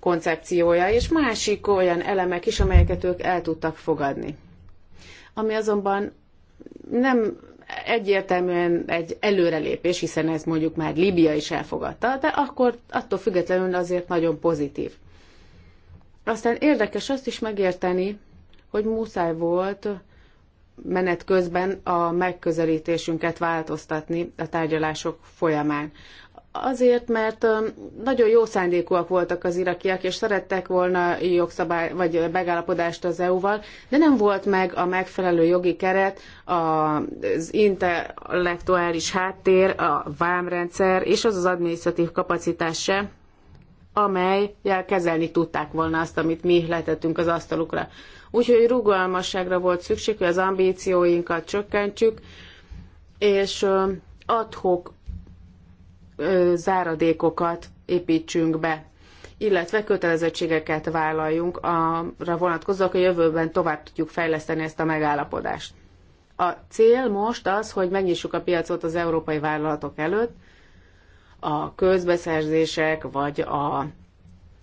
Speaker 3: koncepciója, és másik olyan elemek is, amelyeket ők el tudtak fogadni. Ami azonban nem egyértelműen egy előrelépés, hiszen ez mondjuk már Líbia is elfogadta, de akkor attól függetlenül azért nagyon pozitív. Aztán érdekes azt is megérteni, hogy muszáj volt menet közben a megközelítésünket változtatni a tárgyalások folyamán. Azért, mert nagyon jó szándékúak voltak az irakiak, és szerettek volna jogszabály vagy megállapodást az EU-val, de nem volt meg a megfelelő jogi keret, az intellektuális háttér, a vámrendszer és az az adminisztratív kapacitás se, amelyel kezelni tudták volna azt, amit mi letettünk az asztalukra. Úgyhogy rugalmasságra volt szükség, hogy az ambícióinkat csökkentsük, és adhok záradékokat építsünk be, illetve kötelezettségeket vállaljunk arra vonatkozóak, hogy a jövőben tovább tudjuk fejleszteni ezt a megállapodást. A cél most az, hogy megnyissuk a piacot az európai vállalatok előtt, a közbeszerzések vagy a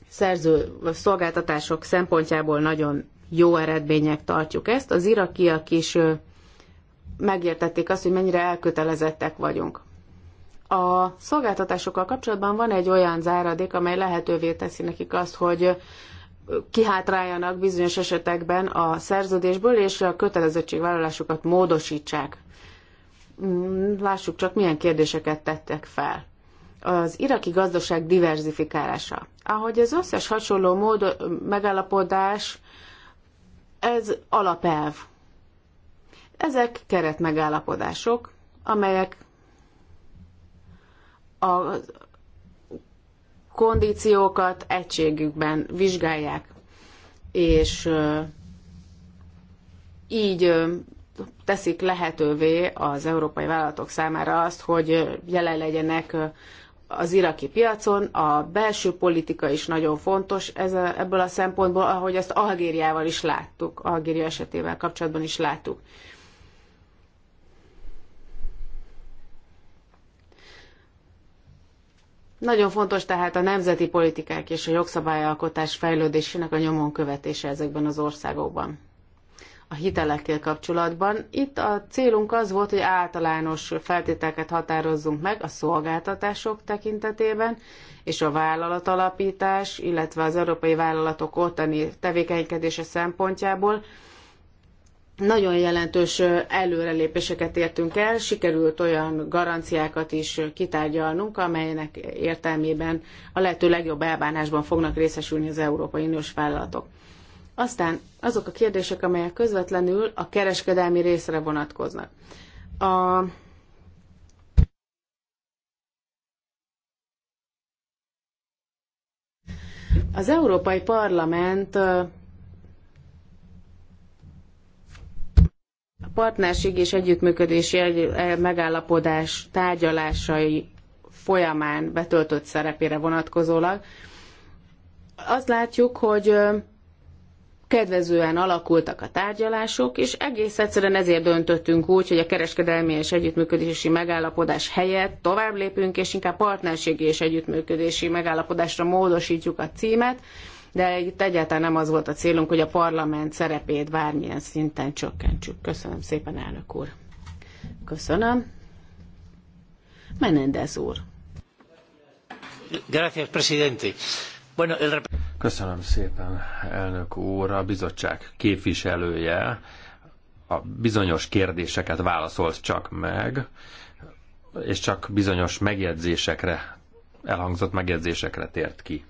Speaker 3: szerző szolgáltatások szempontjából nagyon jó eredmények tartjuk ezt. Az irakiak is megértették azt, hogy mennyire elkötelezettek vagyunk. A szolgáltatásokkal kapcsolatban van egy olyan záradék, amely lehetővé teszi nekik azt, hogy kihátráljanak bizonyos esetekben a szerződésből, és a kötelezettségvállalásukat módosítsák. Mm, lássuk csak, milyen kérdéseket tettek fel az iraki gazdaság diverzifikálása. Ahogy az összes hasonló mód, megállapodás, ez alapelv. Ezek keretmegállapodások, amelyek a kondíciókat egységükben vizsgálják, és így teszik lehetővé az európai vállalatok számára azt, hogy jelen legyenek az iraki piacon, a belső politika is nagyon fontos ez a, ebből a szempontból, ahogy ezt Algériával is láttuk, Algéria esetével kapcsolatban is láttuk. Nagyon fontos tehát a nemzeti politikák és a jogszabályalkotás fejlődésének a nyomon követése ezekben az országokban a hitelekkel kapcsolatban. Itt a célunk az volt, hogy általános feltételeket határozzunk meg a szolgáltatások tekintetében, és a vállalatalapítás, illetve az európai vállalatok ottani tevékenykedése szempontjából. Nagyon jelentős előrelépéseket értünk el, sikerült olyan garanciákat is kitárgyalnunk, amelynek értelmében a lehető legjobb elbánásban fognak részesülni az Európai Uniós vállalatok. Aztán azok a kérdések, amelyek közvetlenül a kereskedelmi részre vonatkoznak. A Az Európai Parlament a partnerség és együttműködési megállapodás tárgyalásai folyamán betöltött szerepére vonatkozólag azt látjuk, hogy kedvezően alakultak a tárgyalások, és egész egyszerűen ezért döntöttünk úgy, hogy a kereskedelmi és együttműködési megállapodás helyett tovább lépünk, és inkább partnerségi és együttműködési megállapodásra módosítjuk a címet, de itt egyáltalán nem az volt a célunk, hogy a parlament szerepét bármilyen szinten csökkentsük. Köszönöm szépen, elnök úr. Köszönöm. Menendez úr.
Speaker 1: Gracias, presidente.
Speaker 2: Bueno, el... Köszönöm szépen, elnök úr, a bizottság képviselője a bizonyos kérdéseket válaszolt csak meg, és csak bizonyos megjegyzésekre, elhangzott megjegyzésekre tért ki.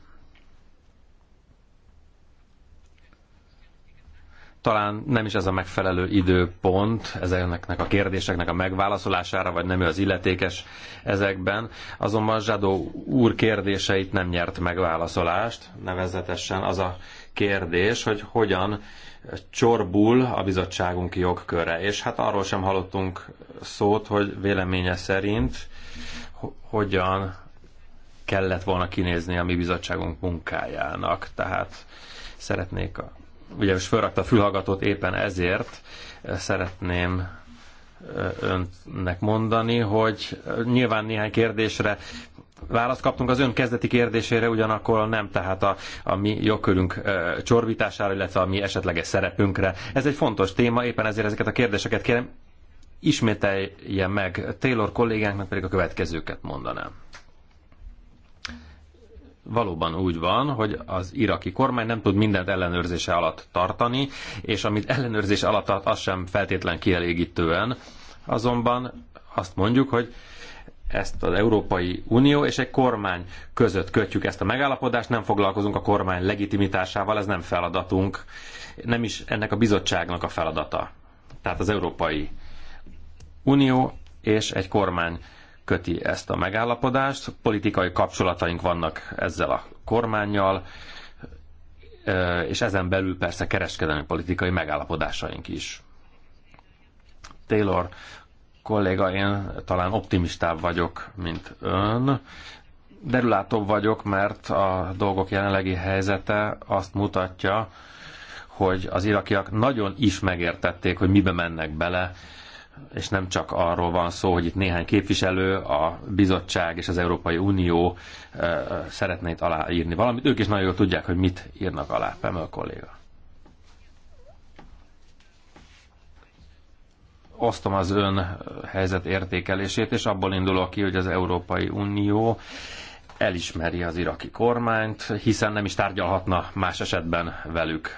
Speaker 2: talán nem is ez a megfelelő időpont ezeknek a kérdéseknek a megválaszolására, vagy nem ő az illetékes ezekben. Azonban Zsadó úr kérdéseit nem nyert megválaszolást, nevezetesen az a kérdés, hogy hogyan csorbul a bizottságunk jogköre. És hát arról sem hallottunk szót, hogy véleménye szerint hogyan kellett volna kinézni a mi bizottságunk munkájának. Tehát szeretnék a most felrakta a fülhallgatót éppen ezért eh, szeretném eh, önnek mondani, hogy eh, nyilván néhány kérdésre választ kaptunk az ön kezdeti kérdésére, ugyanakkor nem, tehát a, a mi jogkörünk e, csorbítására, illetve a mi esetleges szerepünkre. Ez egy fontos téma, éppen ezért ezeket a kérdéseket kérem, ismételje meg. Taylor kollégánknak pedig a következőket mondanám valóban úgy van, hogy az iraki kormány nem tud mindent ellenőrzése alatt tartani, és amit ellenőrzés alatt tart, az sem feltétlen kielégítően. Azonban azt mondjuk, hogy ezt az Európai Unió és egy kormány között kötjük ezt a megállapodást, nem foglalkozunk a kormány legitimitásával, ez nem feladatunk, nem is ennek a bizottságnak a feladata. Tehát az Európai Unió és egy kormány köti ezt a megállapodást. Politikai kapcsolataink vannak ezzel a kormányjal, és ezen belül persze kereskedelmi politikai megállapodásaink is. Taylor kolléga, én talán optimistább vagyok, mint ön. Derülátóbb vagyok, mert a dolgok jelenlegi helyzete azt mutatja, hogy az irakiak nagyon is megértették, hogy mibe mennek bele, és nem csak arról van szó, hogy itt néhány képviselő, a bizottság és az Európai Unió szeretne itt aláírni valamit. Ők is nagyon jól tudják, hogy mit írnak alá, Pemöl kolléga. Osztom az ön helyzet értékelését, és abból indulok ki, hogy az Európai Unió elismeri az iraki kormányt, hiszen nem is tárgyalhatna más esetben velük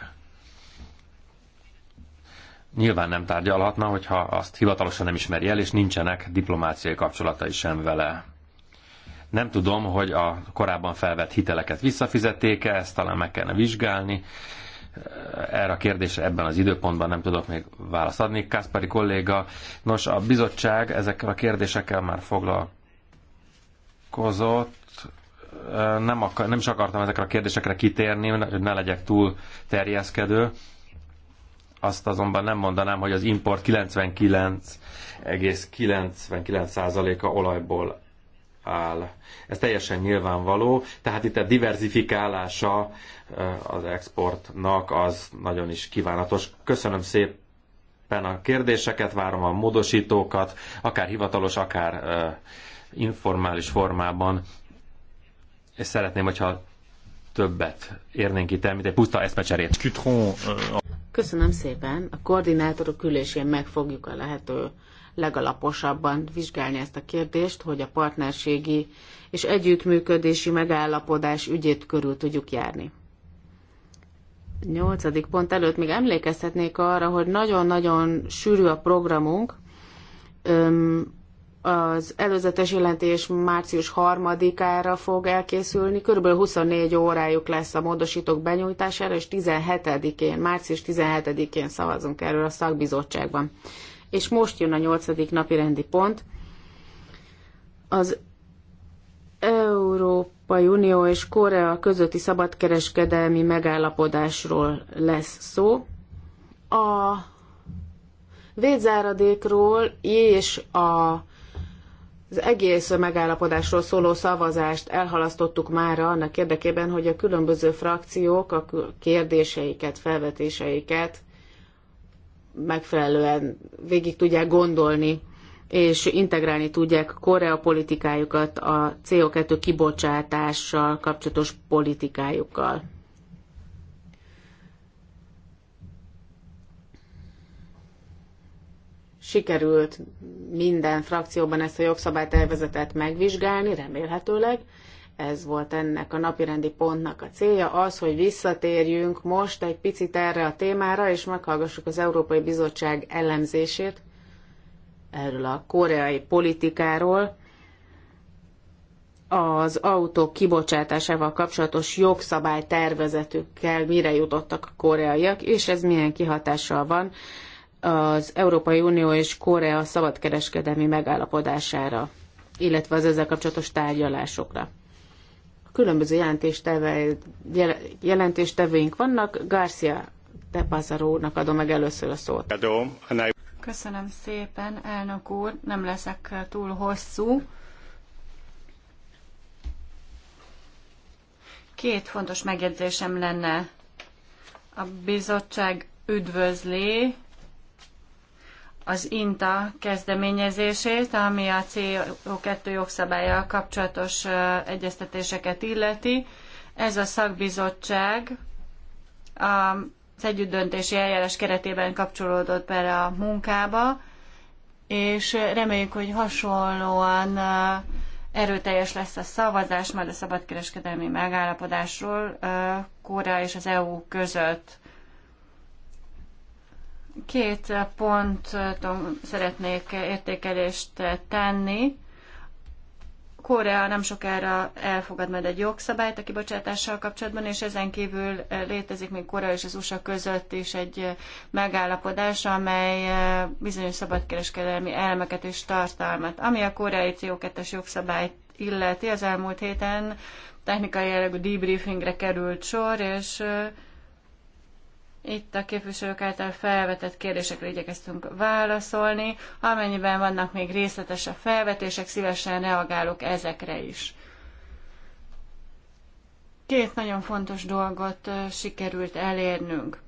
Speaker 2: nyilván nem tárgyalhatna, hogyha azt hivatalosan nem ismeri el, és nincsenek diplomáciai kapcsolatai sem vele. Nem tudom, hogy a korábban felvett hiteleket visszafizették-e, ezt talán meg kellene vizsgálni. Erre a kérdésre ebben az időpontban nem tudok még választ adni. Kászpari kolléga, nos, a bizottság ezekkel a kérdésekkel már foglalkozott, nem, akar, nem is akartam ezekre a kérdésekre kitérni, hogy ne legyek túl terjeszkedő. Azt azonban nem mondanám, hogy az import 99,99%-a olajból áll. Ez teljesen nyilvánvaló, tehát itt a diversifikálása eh, az exportnak az nagyon is kívánatos. Köszönöm szépen! a kérdéseket, várom a módosítókat, akár hivatalos, akár eh, informális formában, és szeretném, hogyha többet érnénk itt el, mint egy puszta eszmecserét. Eh,
Speaker 3: Köszönöm szépen. A koordinátorok ülésén meg fogjuk a lehető legalaposabban vizsgálni ezt a kérdést, hogy a partnerségi és együttműködési megállapodás ügyét körül tudjuk járni. Nyolcadik pont előtt még emlékezhetnék arra, hogy nagyon-nagyon sűrű a programunk az előzetes jelentés március 3-ára fog elkészülni, kb. 24 órájuk lesz a módosítók benyújtására, és 17-én, március 17-én szavazunk erről a szakbizottságban. És most jön a 8. napi rendi pont. Az Európai Unió és Korea közötti szabadkereskedelmi megállapodásról lesz szó. A védzáradékról és a az egész megállapodásról szóló szavazást elhalasztottuk mára annak érdekében, hogy a különböző frakciók a kérdéseiket, felvetéseiket megfelelően végig tudják gondolni, és integrálni tudják Korea politikájukat a CO2 kibocsátással kapcsolatos politikájukkal. sikerült minden frakcióban ezt a jogszabálytervezetet megvizsgálni, remélhetőleg. Ez volt ennek a napirendi pontnak a célja, az, hogy visszatérjünk most egy picit erre a témára, és meghallgassuk az Európai Bizottság ellenzését erről a koreai politikáról, az autó kibocsátásával kapcsolatos jogszabálytervezetükkel mire jutottak a koreaiak, és ez milyen kihatással van az Európai Unió és Korea szabadkereskedelmi megállapodására, illetve az ezzel kapcsolatos tárgyalásokra. Különböző jelentésteve, jel, jelentéstevőink vannak. Garcia de Pazarónak adom meg először a szót.
Speaker 1: Köszönöm szépen, elnök úr. Nem leszek túl hosszú. Két fontos megjegyzésem lenne. A bizottság üdvözli az INTA kezdeményezését, ami a CO2 jogszabályjal kapcsolatos egyeztetéseket illeti. Ez a szakbizottság az együttdöntési eljárás keretében kapcsolódott bele a munkába, és reméljük, hogy hasonlóan erőteljes lesz a szavazás majd a szabadkereskedelmi megállapodásról Kóra és az EU között. Két ponton szeretnék értékelést tenni. Korea nem sokára elfogad majd egy jogszabályt a kibocsátással kapcsolatban, és ezen kívül létezik még Korea és az USA között is egy megállapodás, amely bizonyos szabadkereskedelmi elemeket és tartalmat. Ami a koreai CO2-es jogszabályt illeti, az elmúlt héten technikai jellegű debriefingre került sor, és itt a képviselők által felvetett kérdésekre igyekeztünk válaszolni. Amennyiben vannak még részletesebb felvetések, szívesen reagálok ezekre is. Két nagyon fontos dolgot sikerült elérnünk.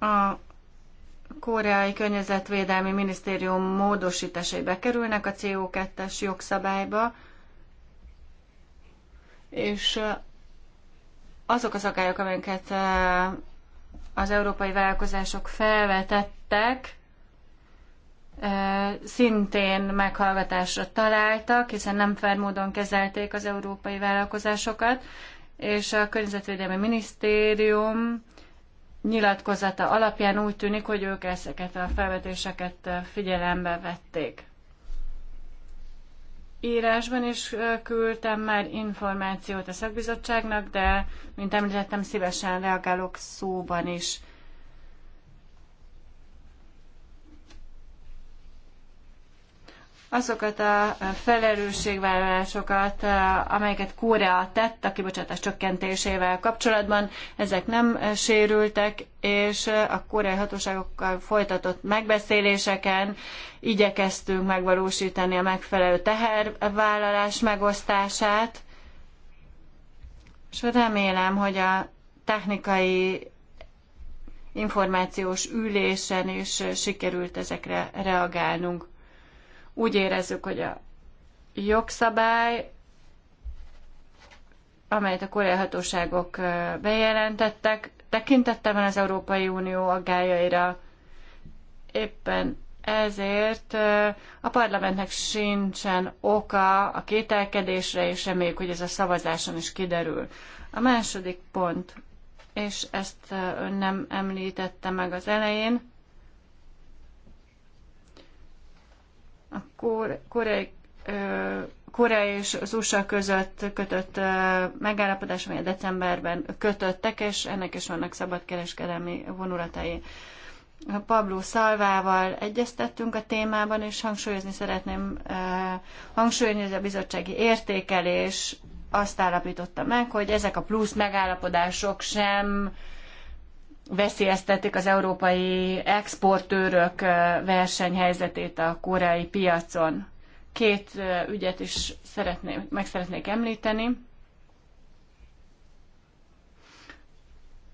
Speaker 1: A koreai környezetvédelmi minisztérium módosításai bekerülnek a CO2-es jogszabályba, és azok az akályok, amelyeket az európai vállalkozások felvetettek, szintén meghallgatásra találtak, hiszen nem fair módon kezelték az európai vállalkozásokat, és a Környezetvédelmi Minisztérium nyilatkozata alapján úgy tűnik, hogy ők ezeket a felvetéseket figyelembe vették írásban is küldtem már információt a szakbizottságnak, de, mint említettem, szívesen reagálok szóban is. azokat a felelősségvállalásokat, eh, amelyeket Korea tett a kibocsátás csökkentésével kapcsolatban, ezek nem eh, sérültek, és eh, a koreai hatóságokkal folytatott megbeszéléseken igyekeztünk megvalósítani a megfelelő tehervállalás megosztását, és remélem, hogy a technikai információs ülésen is sikerült ezekre reagálnunk. Úgy érezzük, hogy a jogszabály, amelyet a koreai hatóságok bejelentettek, tekintettel van az Európai Unió aggájaira. Éppen ezért a parlamentnek sincsen oka a kételkedésre, és reméljük, hogy ez a szavazáson is kiderül. A második pont, és ezt ön nem említette meg az elején, a koreai Korea és az USA között kötött megállapodás, a decemberben kötöttek, és ennek is vannak szabadkereskedelmi vonulatai. Pablo Szalvával egyeztettünk a témában, és hangsúlyozni szeretném hangsúlyozni, hogy a bizottsági értékelés azt állapította meg, hogy ezek a plusz megállapodások sem veszélyeztetik az európai exportőrök versenyhelyzetét a koreai piacon. Két ügyet is szeretném, meg szeretnék említeni.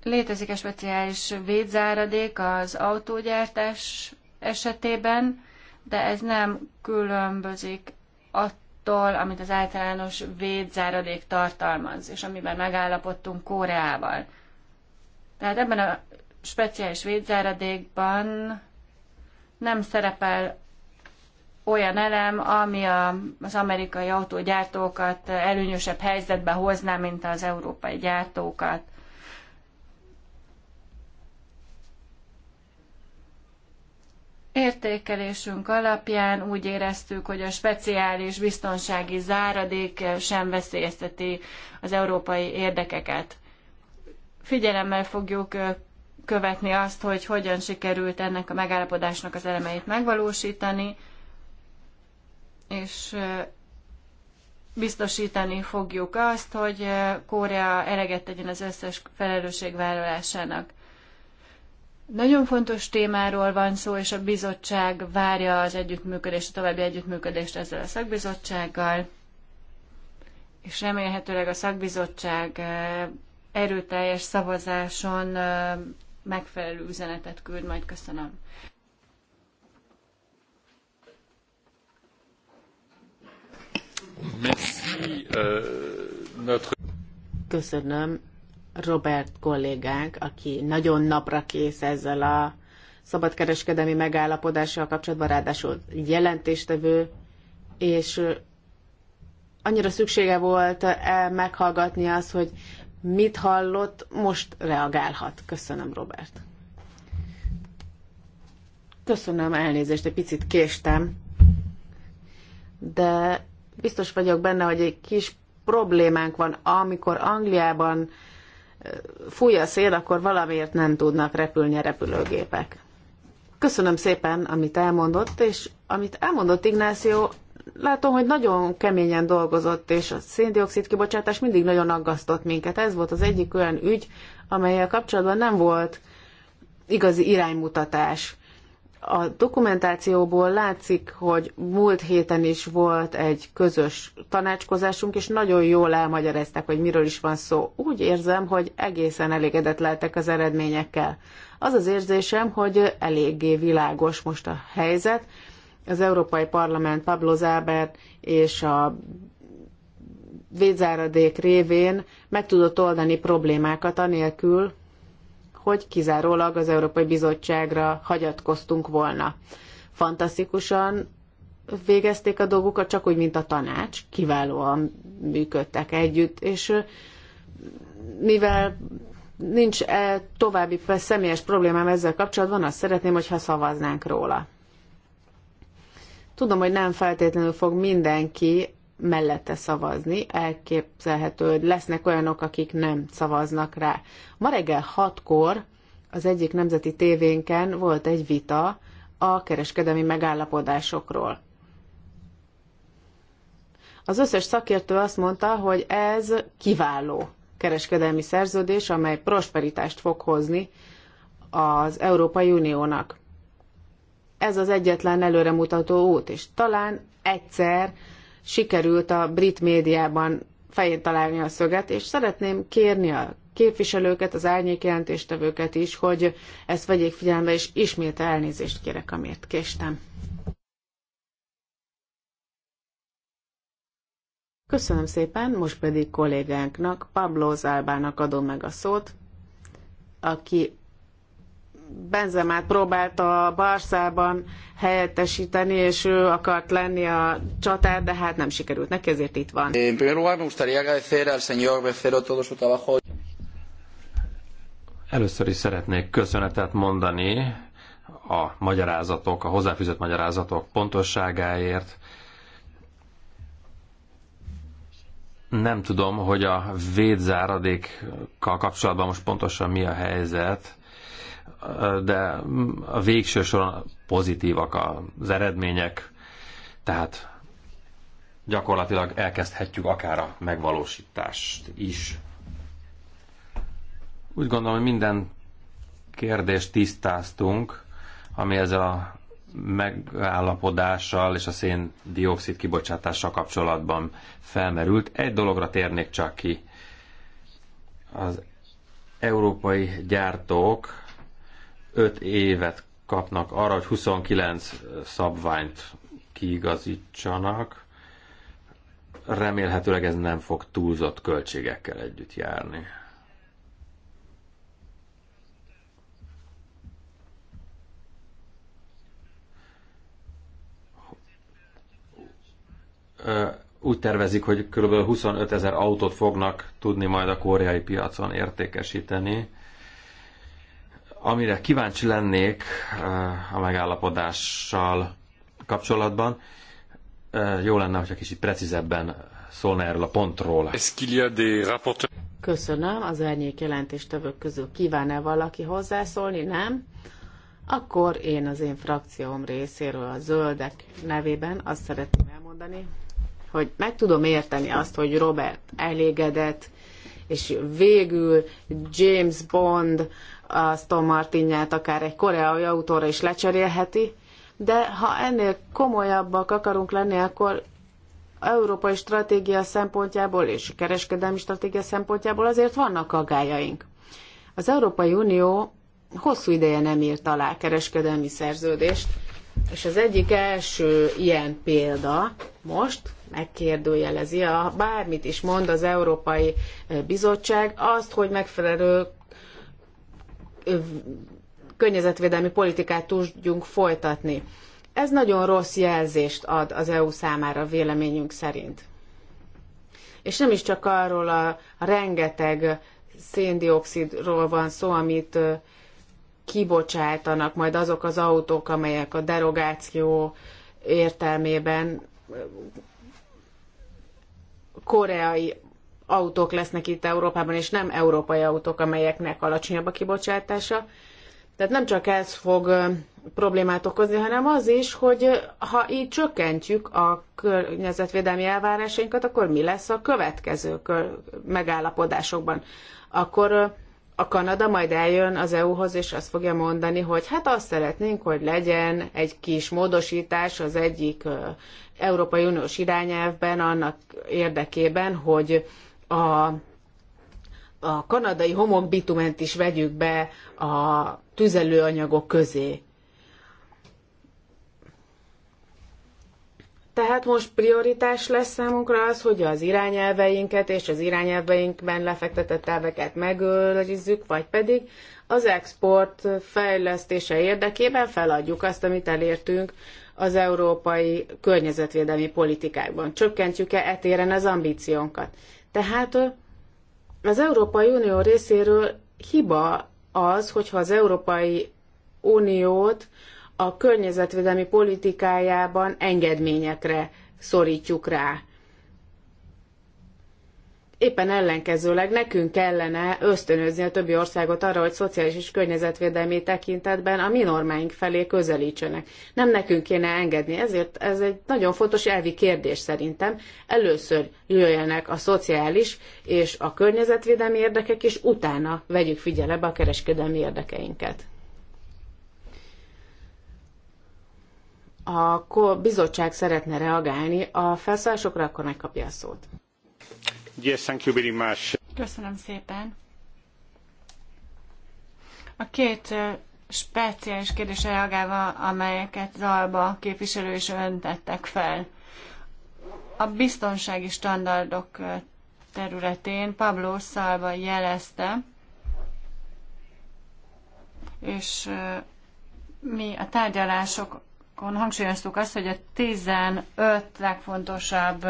Speaker 1: Létezik egy speciális védzáradék az autógyártás esetében, de ez nem különbözik attól, amit az általános védzáradék tartalmaz, és amiben megállapodtunk Koreával. Tehát ebben a speciális védzáradékban nem szerepel olyan elem, ami a, az amerikai autógyártókat előnyösebb helyzetbe hozná, mint az európai gyártókat. Értékelésünk alapján úgy éreztük, hogy a speciális biztonsági záradék sem veszélyezteti az európai érdekeket figyelemmel fogjuk követni azt, hogy hogyan sikerült ennek a megállapodásnak az elemeit megvalósítani, és biztosítani fogjuk azt, hogy Korea eleget tegyen az összes felelősségvállalásának. Nagyon fontos témáról van szó, és a bizottság várja az együttműködést, a további együttműködést ezzel a szakbizottsággal, és remélhetőleg a szakbizottság erőteljes szavazáson megfelelő üzenetet küld, majd köszönöm.
Speaker 2: Euh,
Speaker 3: köszönöm Robert kollégánk, aki nagyon napra kész ezzel a szabadkereskedelmi megállapodással kapcsolatban, ráadásul jelentéstevő, és annyira szüksége volt meghallgatni azt, hogy mit hallott, most reagálhat. Köszönöm, Robert. Köszönöm, elnézést, egy picit késtem, de biztos vagyok benne, hogy egy kis problémánk van, amikor Angliában fúj a szél, akkor valamiért nem tudnak repülni a repülőgépek. Köszönöm szépen, amit elmondott, és amit elmondott Ignácio, látom, hogy nagyon keményen dolgozott, és a széndiokszid kibocsátás mindig nagyon aggasztott minket. Ez volt az egyik olyan ügy, amelyel kapcsolatban nem volt igazi iránymutatás. A dokumentációból látszik, hogy múlt héten is volt egy közös tanácskozásunk, és nagyon jól elmagyaráztak, hogy miről is van szó. Úgy érzem, hogy egészen elégedett lehetek az eredményekkel. Az az érzésem, hogy eléggé világos most a helyzet, az Európai Parlament Pablo Záber és a védzáradék révén meg tudott oldani problémákat anélkül, hogy kizárólag az Európai Bizottságra hagyatkoztunk volna. Fantasztikusan végezték a dolgukat, csak úgy, mint a tanács, kiválóan működtek együtt, és mivel nincs -e további személyes problémám ezzel kapcsolatban, azt szeretném, hogyha szavaznánk róla. Tudom, hogy nem feltétlenül fog mindenki mellette szavazni, elképzelhető, hogy lesznek olyanok, akik nem szavaznak rá. Ma reggel hatkor az egyik nemzeti tévénken volt egy vita a kereskedelmi megállapodásokról. Az összes szakértő azt mondta, hogy ez kiváló kereskedelmi szerződés, amely prosperitást fog hozni az Európai Uniónak ez az egyetlen előremutató út, és talán egyszer sikerült a brit médiában fején találni a szöget, és szeretném kérni a képviselőket, az jelentéstevőket is, hogy ezt vegyék figyelembe, és ismét elnézést kérek, amiért késtem. Köszönöm szépen, most pedig kollégánknak, Pablo Zálbának adom meg a szót, aki Benzemát próbált a Barszában helyettesíteni, és ő akart lenni a csatár, de hát nem sikerült neki, ezért itt van.
Speaker 1: En primer lugar, me gustaría agradecer al señor Becero todo su
Speaker 3: trabajo.
Speaker 2: Először is szeretnék köszönetet mondani a magyarázatok, a hozzáfűzött magyarázatok pontosságáért. Nem tudom, hogy a védzáradékkal kapcsolatban most pontosan mi a helyzet, de a végső soron pozitívak az eredmények, tehát gyakorlatilag elkezdhetjük akár a megvalósítást is. Úgy gondolom, hogy minden kérdést tisztáztunk, ami ezzel a megállapodással és a szén-dioxid kibocsátással kapcsolatban felmerült. Egy dologra térnék csak ki. Az európai gyártók 5 évet kapnak arra, hogy 29 szabványt kiigazítsanak. Remélhetőleg ez nem fog túlzott költségekkel együtt járni. úgy tervezik, hogy kb. 25 ezer autót fognak tudni majd a koreai piacon értékesíteni. Amire kíváncsi lennék a megállapodással kapcsolatban, jó lenne, hogyha kicsit precízebben szólna erről a pontról.
Speaker 3: Köszönöm, az árnyék jelentéstevők közül kíván-e valaki hozzászólni, nem? Akkor én az én frakcióm részéről a zöldek nevében azt szeretném elmondani, hogy meg tudom érteni azt, hogy Robert elégedett, és végül James Bond Aston Martinját akár egy koreai autóra is lecserélheti, de ha ennél komolyabbak akarunk lenni, akkor európai stratégia szempontjából és kereskedelmi stratégia szempontjából azért vannak aggájaink. Az Európai Unió hosszú ideje nem írt alá kereskedelmi szerződést, és az egyik első ilyen példa most megkérdőjelezi, a, bármit is mond az Európai Bizottság, azt, hogy megfelelő környezetvédelmi politikát tudjunk folytatni. Ez nagyon rossz jelzést ad az EU számára véleményünk szerint. És nem is csak arról a rengeteg széndiokszidról van szó, amit kibocsátanak majd azok az autók, amelyek a derogáció értelmében koreai autók lesznek itt Európában, és nem európai autók, amelyeknek alacsonyabb a kibocsátása. Tehát nem csak ez fog problémát okozni, hanem az is, hogy ha így csökkentjük a környezetvédelmi elvárásainkat, akkor mi lesz a következő megállapodásokban? Akkor a Kanada majd eljön az EU-hoz, és azt fogja mondani, hogy hát azt szeretnénk, hogy legyen egy kis módosítás az egyik Európai Uniós irányelvben annak érdekében, hogy a, a kanadai homokbitument is vegyük be a tüzelőanyagok közé. Tehát most prioritás lesz számunkra az, hogy az irányelveinket és az irányelveinkben lefektetett elveket megőrizzük, vagy pedig az export fejlesztése érdekében feladjuk azt, amit elértünk az európai környezetvédelmi politikákban. Csökkentjük-e etéren az ambíciónkat? Tehát az Európai Unió részéről hiba az, hogyha az Európai Uniót a környezetvédelmi politikájában engedményekre szorítjuk rá éppen ellenkezőleg nekünk kellene ösztönözni a többi országot arra, hogy szociális és környezetvédelmi tekintetben a mi normáink felé közelítsenek. Nem nekünk kéne engedni, ezért ez egy nagyon fontos elvi kérdés szerintem. Először jöjjenek a szociális és a környezetvédelmi érdekek, és utána vegyük figyelembe a kereskedelmi érdekeinket. A bizottság szeretne reagálni a felszólásokra, akkor megkapja a szót.
Speaker 1: Köszönöm szépen. A két speciális kérdésre reagálva, amelyeket Zalba képviselő és ön tettek fel. A biztonsági standardok területén Pablo Szalba jelezte, és mi a tárgyalásokon hangsúlyoztuk azt, hogy a 15 legfontosabb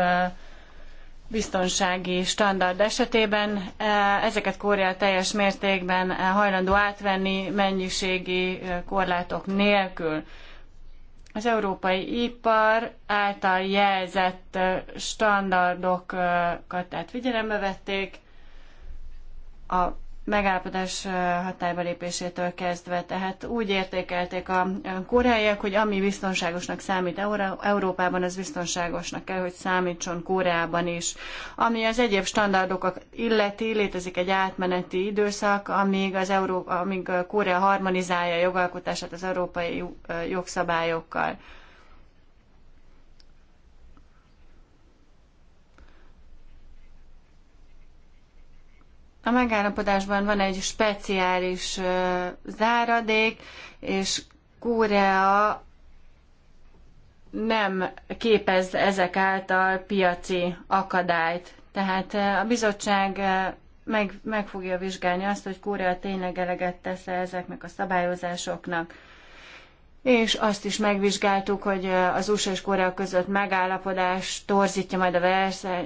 Speaker 1: biztonsági standard esetében. E, ezeket Kórea teljes mértékben e, hajlandó átvenni mennyiségi e, korlátok nélkül. Az európai ipar által jelzett standardokat tehát figyelembe vették, a megállapodás hatályba lépésétől kezdve. Tehát úgy értékelték a koreaiak, hogy ami biztonságosnak számít Európában, az biztonságosnak kell, hogy számítson Koreában is. Ami az egyéb standardokat illeti, létezik egy átmeneti időszak, amíg, az Európa, amíg Korea harmonizálja a jogalkotását az európai jogszabályokkal. A megállapodásban van egy speciális záradék, és Korea nem képez ezek által piaci akadályt. Tehát a bizottság meg, meg fogja vizsgálni azt, hogy Korea tényleg eleget tesz -e ezeknek a szabályozásoknak és azt is megvizsgáltuk, hogy az USA és Korea között megállapodás torzítja majd a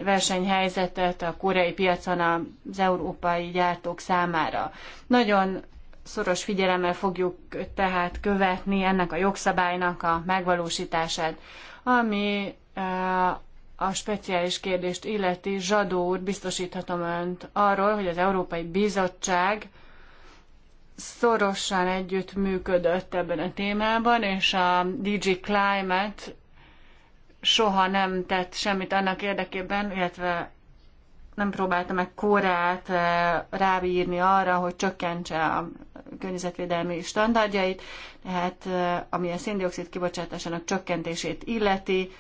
Speaker 1: versenyhelyzetet a koreai piacon az európai gyártók számára. Nagyon szoros figyelemmel fogjuk tehát követni ennek a jogszabálynak a megvalósítását, ami a speciális kérdést illeti, Zsadó úr, biztosíthatom önt arról, hogy az Európai Bizottság szorosan együtt működött ebben a témában, és a DG Climate soha nem tett semmit annak érdekében, illetve nem próbálta meg Kórát eh, rábírni arra, hogy csökkentse a környezetvédelmi standardjait, tehát eh, ami a széndiokszid kibocsátásának csökkentését illeti,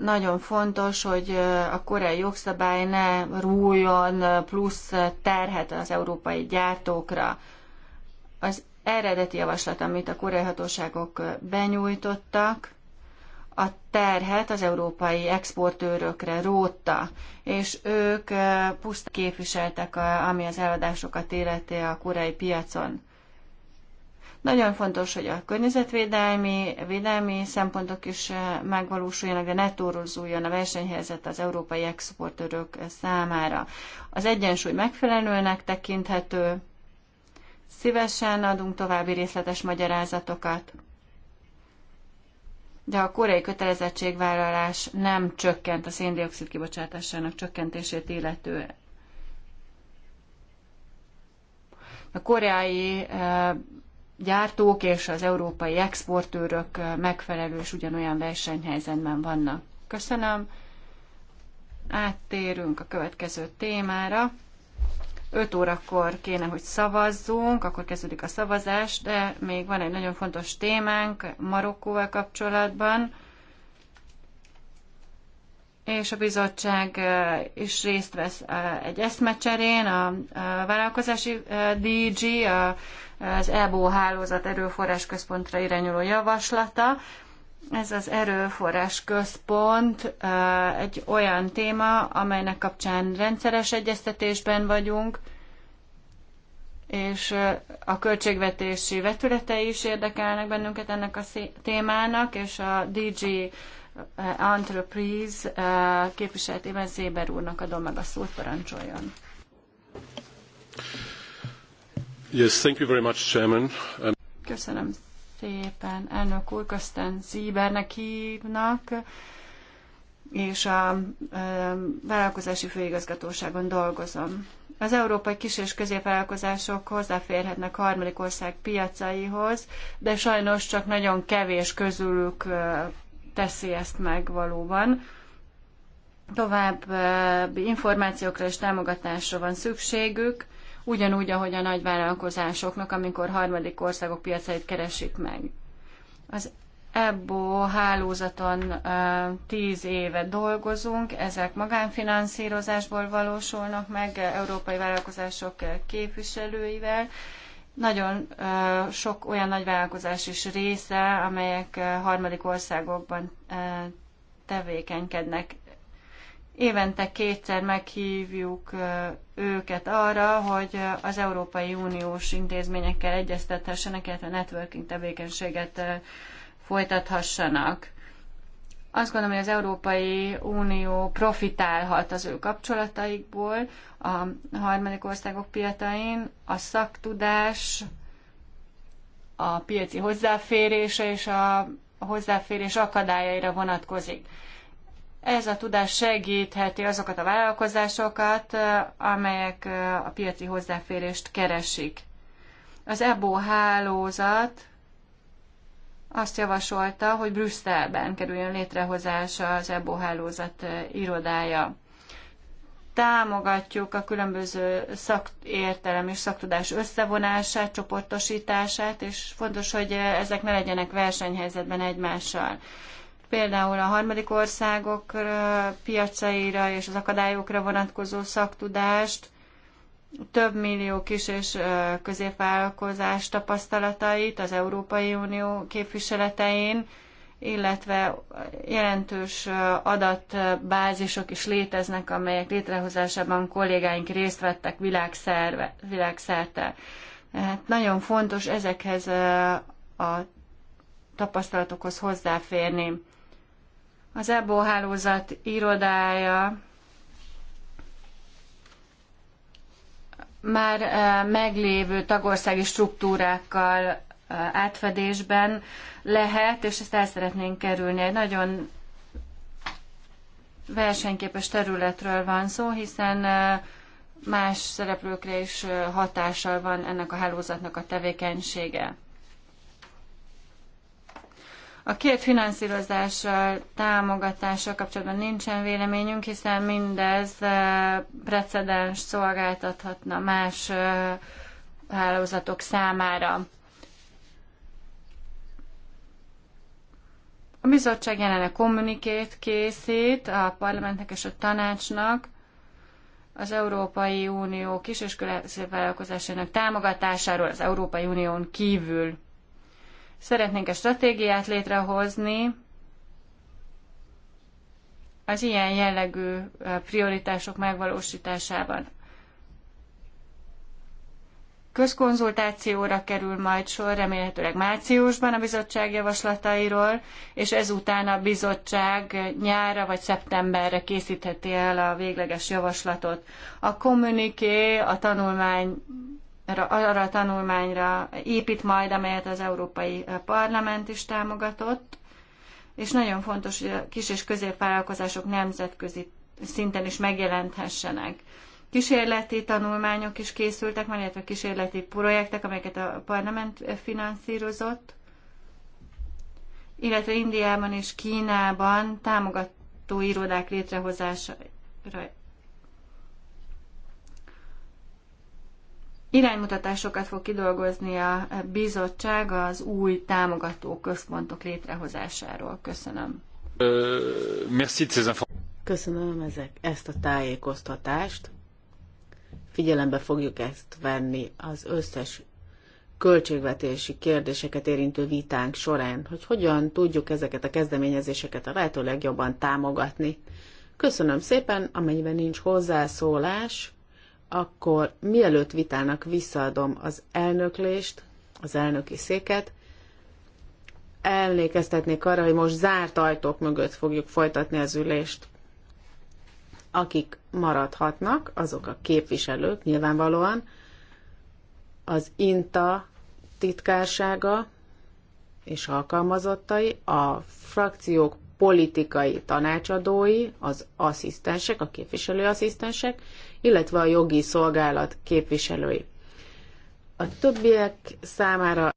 Speaker 1: nagyon fontos, hogy a koreai jogszabály ne rújon plusz terhet az európai gyártókra. Az eredeti javaslat, amit a koreai hatóságok benyújtottak, a terhet az európai exportőrökre rótta, és ők pusztán képviseltek, ami az eladásokat illeti a koreai piacon. Nagyon fontos, hogy a környezetvédelmi védelmi szempontok is eh, megvalósuljanak, de ne torzuljon a versenyhelyzet az európai exportőrök számára. Az egyensúly megfelelőnek tekinthető, szívesen adunk további részletes magyarázatokat, de a koreai kötelezettségvállalás nem csökkent a széndiokszid kibocsátásának csökkentését illetően a koreai eh, gyártók és az európai exportőrök megfelelő és ugyanolyan versenyhelyzetben vannak. Köszönöm. Áttérünk a következő témára. 5 órakor kéne, hogy szavazzunk, akkor kezdődik a szavazás, de még van egy nagyon fontos témánk Marokkóval kapcsolatban, és a bizottság is részt vesz egy eszmecserén, a vállalkozási DG, a az EBO hálózat erőforrás központra irányuló javaslata. Ez az erőforrás központ egy olyan téma, amelynek kapcsán rendszeres egyeztetésben vagyunk, és a költségvetési vetülete is érdekelnek bennünket ennek a témának, és a DG Entreprise képviseletében Széber úrnak adom meg a szót, parancsoljon.
Speaker 2: Yes, thank you very much, Chairman. Um,
Speaker 1: Köszönöm szépen, elnök úr, Közten Zíbernek hívnak, és a, a um, vállalkozási főigazgatóságon dolgozom. Az európai kis- és középvállalkozások hozzáférhetnek harmadik ország piacaihoz, de sajnos csak nagyon kevés közülük uh, teszi ezt meg valóban. További uh, információkra és támogatásra van szükségük, ugyanúgy, ahogy a nagyvállalkozásoknak, amikor harmadik országok piacait keresik meg. Az EBO hálózaton tíz éve dolgozunk, ezek magánfinanszírozásból valósulnak meg európai vállalkozások képviselőivel. Nagyon sok olyan nagy vállalkozás is része, amelyek harmadik országokban tevékenykednek. Évente kétszer meghívjuk őket arra, hogy az Európai Uniós intézményekkel egyeztethessenek, illetve networking tevékenységet folytathassanak. Azt gondolom, hogy az Európai Unió profitálhat az ő kapcsolataikból a harmadik országok piatain, a szaktudás, a piaci hozzáférése és a hozzáférés akadályaira vonatkozik. Ez a tudás segítheti azokat a vállalkozásokat, amelyek a piaci hozzáférést keresik. Az EBO hálózat azt javasolta, hogy Brüsszelben kerüljön létrehozása az EBO hálózat irodája. Támogatjuk a különböző szakértelem és szaktudás összevonását, csoportosítását, és fontos, hogy ezek ne legyenek versenyhelyzetben egymással például a harmadik országok piacaira és az akadályokra vonatkozó szaktudást, több millió kis és középvállalkozás tapasztalatait az Európai Unió képviseletein, illetve jelentős adatbázisok is léteznek, amelyek létrehozásában kollégáink részt vettek világszerve, világszerte. Hát nagyon fontos ezekhez a tapasztalatokhoz hozzáférni. Az EBO hálózat irodája már eh, meglévő tagországi struktúrákkal eh, átfedésben lehet, és ezt el szeretnénk kerülni. Egy nagyon versenyképes területről van szó, hiszen eh, más szereplőkre is hatással van ennek a hálózatnak a tevékenysége. A két finanszírozással, támogatással kapcsolatban nincsen véleményünk, hiszen mindez eh, precedens szolgáltathatna más eh, hálózatok számára. A bizottság jelenleg kommunikét készít a parlamentnek és a tanácsnak az Európai Unió kis- és vállalkozásának támogatásáról az Európai Unión kívül. Szeretnénk egy stratégiát létrehozni az ilyen jellegű prioritások megvalósításában. Közkonzultációra kerül majd sor remélhetőleg márciusban a bizottság javaslatairól, és ezután a bizottság nyára vagy szeptemberre készítheti el a végleges javaslatot. A kommuniké a tanulmány arra a tanulmányra épít majd, amelyet az Európai Parlament is támogatott, és nagyon fontos, hogy a kis- és középvállalkozások nemzetközi szinten is megjelenthessenek. Kísérleti tanulmányok is készültek, már illetve kísérleti projektek, amelyeket a parlament finanszírozott, illetve Indiában és Kínában támogató irodák létrehozására iránymutatásokat fog kidolgozni a bizottság az új támogató központok létrehozásáról. Köszönöm. Köszönöm ezek, ezt a tájékoztatást.
Speaker 3: Figyelembe fogjuk ezt venni az összes költségvetési kérdéseket érintő vitánk során, hogy hogyan tudjuk ezeket a kezdeményezéseket a lehető legjobban támogatni. Köszönöm szépen, amennyiben nincs hozzászólás, akkor mielőtt vitának visszaadom az elnöklést, az elnöki széket, elnékeztetnék arra, hogy most zárt ajtók mögött fogjuk folytatni az ülést. Akik maradhatnak, azok a képviselők nyilvánvalóan, az INTA titkársága és alkalmazottai, a frakciók politikai tanácsadói, az asszisztensek, a képviselőasszisztensek, illetve a jogi szolgálat képviselői. A többiek számára